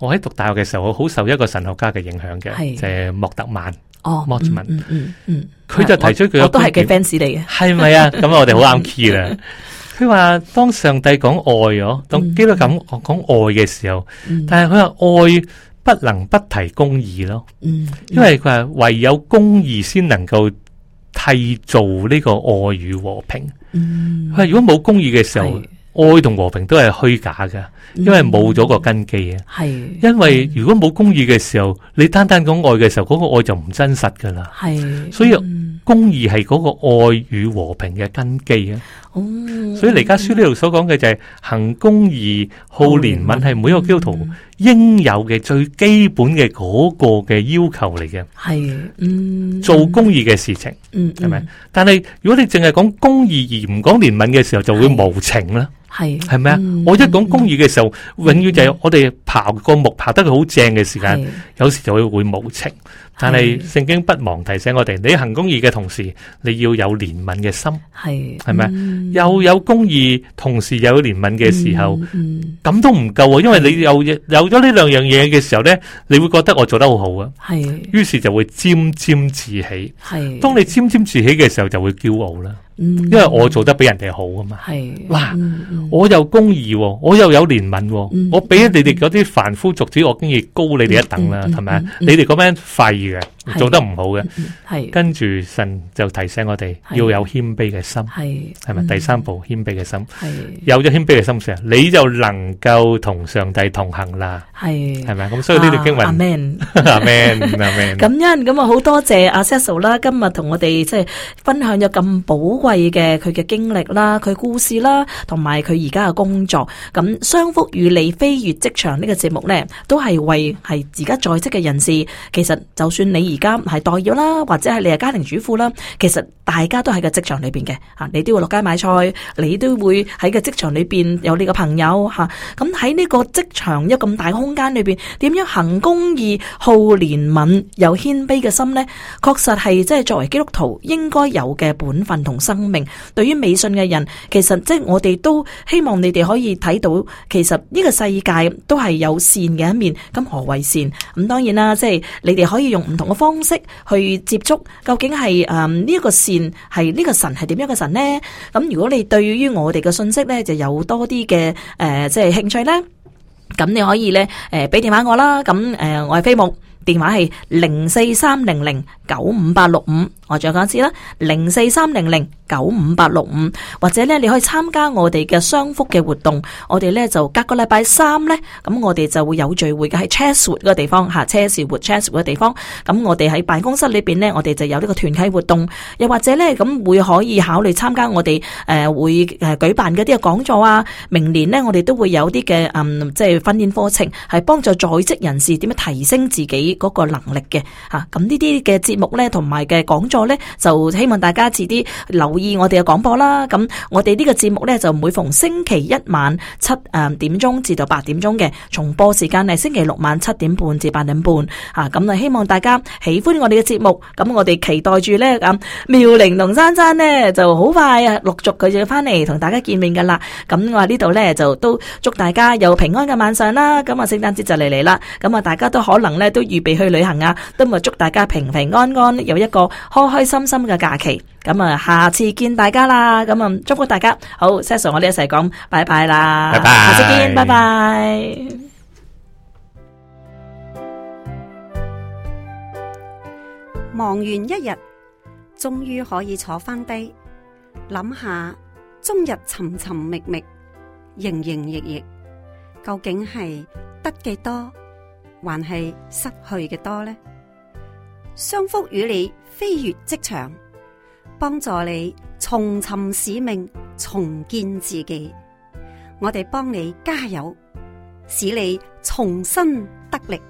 [SPEAKER 2] 我喺讀大學嘅時候，我好受一個神學家嘅影響嘅，就係莫特曼。哦，莫特曼，嗯嗯
[SPEAKER 3] 嗯，佢就提出佢都係
[SPEAKER 2] 嘅 fans 嚟嘅，係咪啊？咁我哋好啱 key 啦。佢話當上帝講愛，嗬，當基督噉講愛嘅時候，但係佢話愛不能不提公義咯。嗯，因為佢話唯有公義先能夠締造呢個愛與和平。嗯，佢話如果冇公義嘅時候。愛同和，和平都係虛假嘅，因為冇咗個根基啊。係、嗯嗯，因為如果冇公義嘅時候，你單單講愛嘅時候，嗰、那個愛就唔真實噶啦。係、嗯，所以公義係嗰個愛與和平嘅根基啊、哦。所以彌迦書呢度所講嘅就係行公義、好憐憫係每一個基督徒、嗯嗯、應有嘅最基本嘅嗰個嘅要求嚟嘅。係，嗯，做公義嘅事情，係、嗯、咪？但係如果你淨係講公義而唔講憐憫嘅時候，就會無情啦。係係咪？啊？我一講公義嘅時候，嗯、永遠就係我哋刨個木刨得佢好正嘅時間、嗯，有時就會會無情。但係聖經不忘提醒我哋，你行公義嘅同時，你要有憐憫嘅心。
[SPEAKER 3] 係係咪？
[SPEAKER 2] 又有公義，同時又有憐憫嘅時候，咁都唔夠啊！因為你有有咗呢兩樣嘢嘅時候咧，你會覺得我做得好好啊，於是，係就會沾沾自喜。係，當你沾沾自喜嘅時候，就會驕傲啦。因為我做得比人哋好啊嘛，哇！嗯、我又公義，我又有憐憫喎、嗯，我俾你哋嗰啲凡夫俗子，我經已高你哋一等啦，係、嗯、咪？嗯嗯、你哋嗰班廢嘅。做得唔好嘅，跟住神就提醒我哋要有謙卑嘅心，係咪？第三步謙卑嘅心？有咗謙卑嘅心時，你就能夠同上帝同行啦，係係咪？咁所以呢段經文
[SPEAKER 1] ，Amen，Amen，Amen。咁樣咁啊，好多謝阿 Cecil 啦，今日同我哋即係分享咗咁寶貴嘅佢嘅經歷啦，佢故事啦，同埋佢而家嘅工作。咁商福與你飛越職場呢個節目呢，都係為係而家在職嘅人士，其實就算你。而家唔係待業啦，或者係你係家庭主婦啦，其實大家都喺個職場裏邊嘅吓，你都會落街買菜，你都會喺個職場裏邊有呢個朋友吓，咁喺呢個職場一咁大空間裏邊點樣行公義好憐憫又謙卑嘅心咧？確實係即係作為基督徒應該有嘅本分同生命。對於未信嘅人，其實即係、就是、我哋都希望你哋可以睇到，其實呢個世界都係有善嘅一面。咁何為善？咁當然啦，即、就、係、是、你哋可以用唔同嘅。方式去接觸，究竟係誒呢一個線係呢個神係點樣嘅神呢？咁如果你對於我哋嘅信息呢，就有多啲嘅誒即係興趣呢，咁你可以咧誒，俾電話我啦，咁誒、呃、我係飛牧，電話係零四三零零九五八六五。我再講一次啦，零四三零零九五八六五，或者咧你可以參加我哋嘅商福嘅活動。我哋咧就隔個禮拜三咧，咁我哋就會有聚會嘅喺 Chatswood 嘅地方吓，Chatswood，Chatswood 嘅地方。咁我哋喺辦公室裏邊咧，我哋就有呢個團契活動，又或者咧咁會可以考慮參加我哋誒會誒舉辦嗰啲嘅講座啊。明年呢，我哋都會有啲嘅嗯即係訓練課程，係幫助在職人士點樣提升自己嗰個能力嘅吓。咁呢啲嘅節目咧同埋嘅講座。咧就 希望大家遲啲留意我哋嘅廣播啦。咁我哋呢個節目呢，就每逢星期一晚七誒點鐘至到八點鐘，嘅重播時間，係星期六晚七點半至八點半。啊，咁啊希望大家喜歡我哋嘅節目。咁我哋期待住呢，咁妙玲同珊珊呢就好快啊陸續佢就翻嚟同大家見面噶啦。咁我呢度呢，就都祝大家有平安嘅晚上啦。咁啊聖誕節就嚟嚟啦。咁啊大家都可能呢，都預備去旅行啊，都咪祝大家平平安安，有一個康開心心嘅假期，咁啊，下次見大家啦！咁啊，祝福大家。好，Cecil，我哋一齊講，拜拜啦，拜拜，下次見，拜拜。
[SPEAKER 3] 忙完一日，終於可以坐翻低，諗下終日尋尋覓覓，營營役役，究竟係得嘅多，還係失去嘅多呢？商福與你飛越職場，幫助你重尋使命，重建自己。我哋幫你加油，使你重新得力。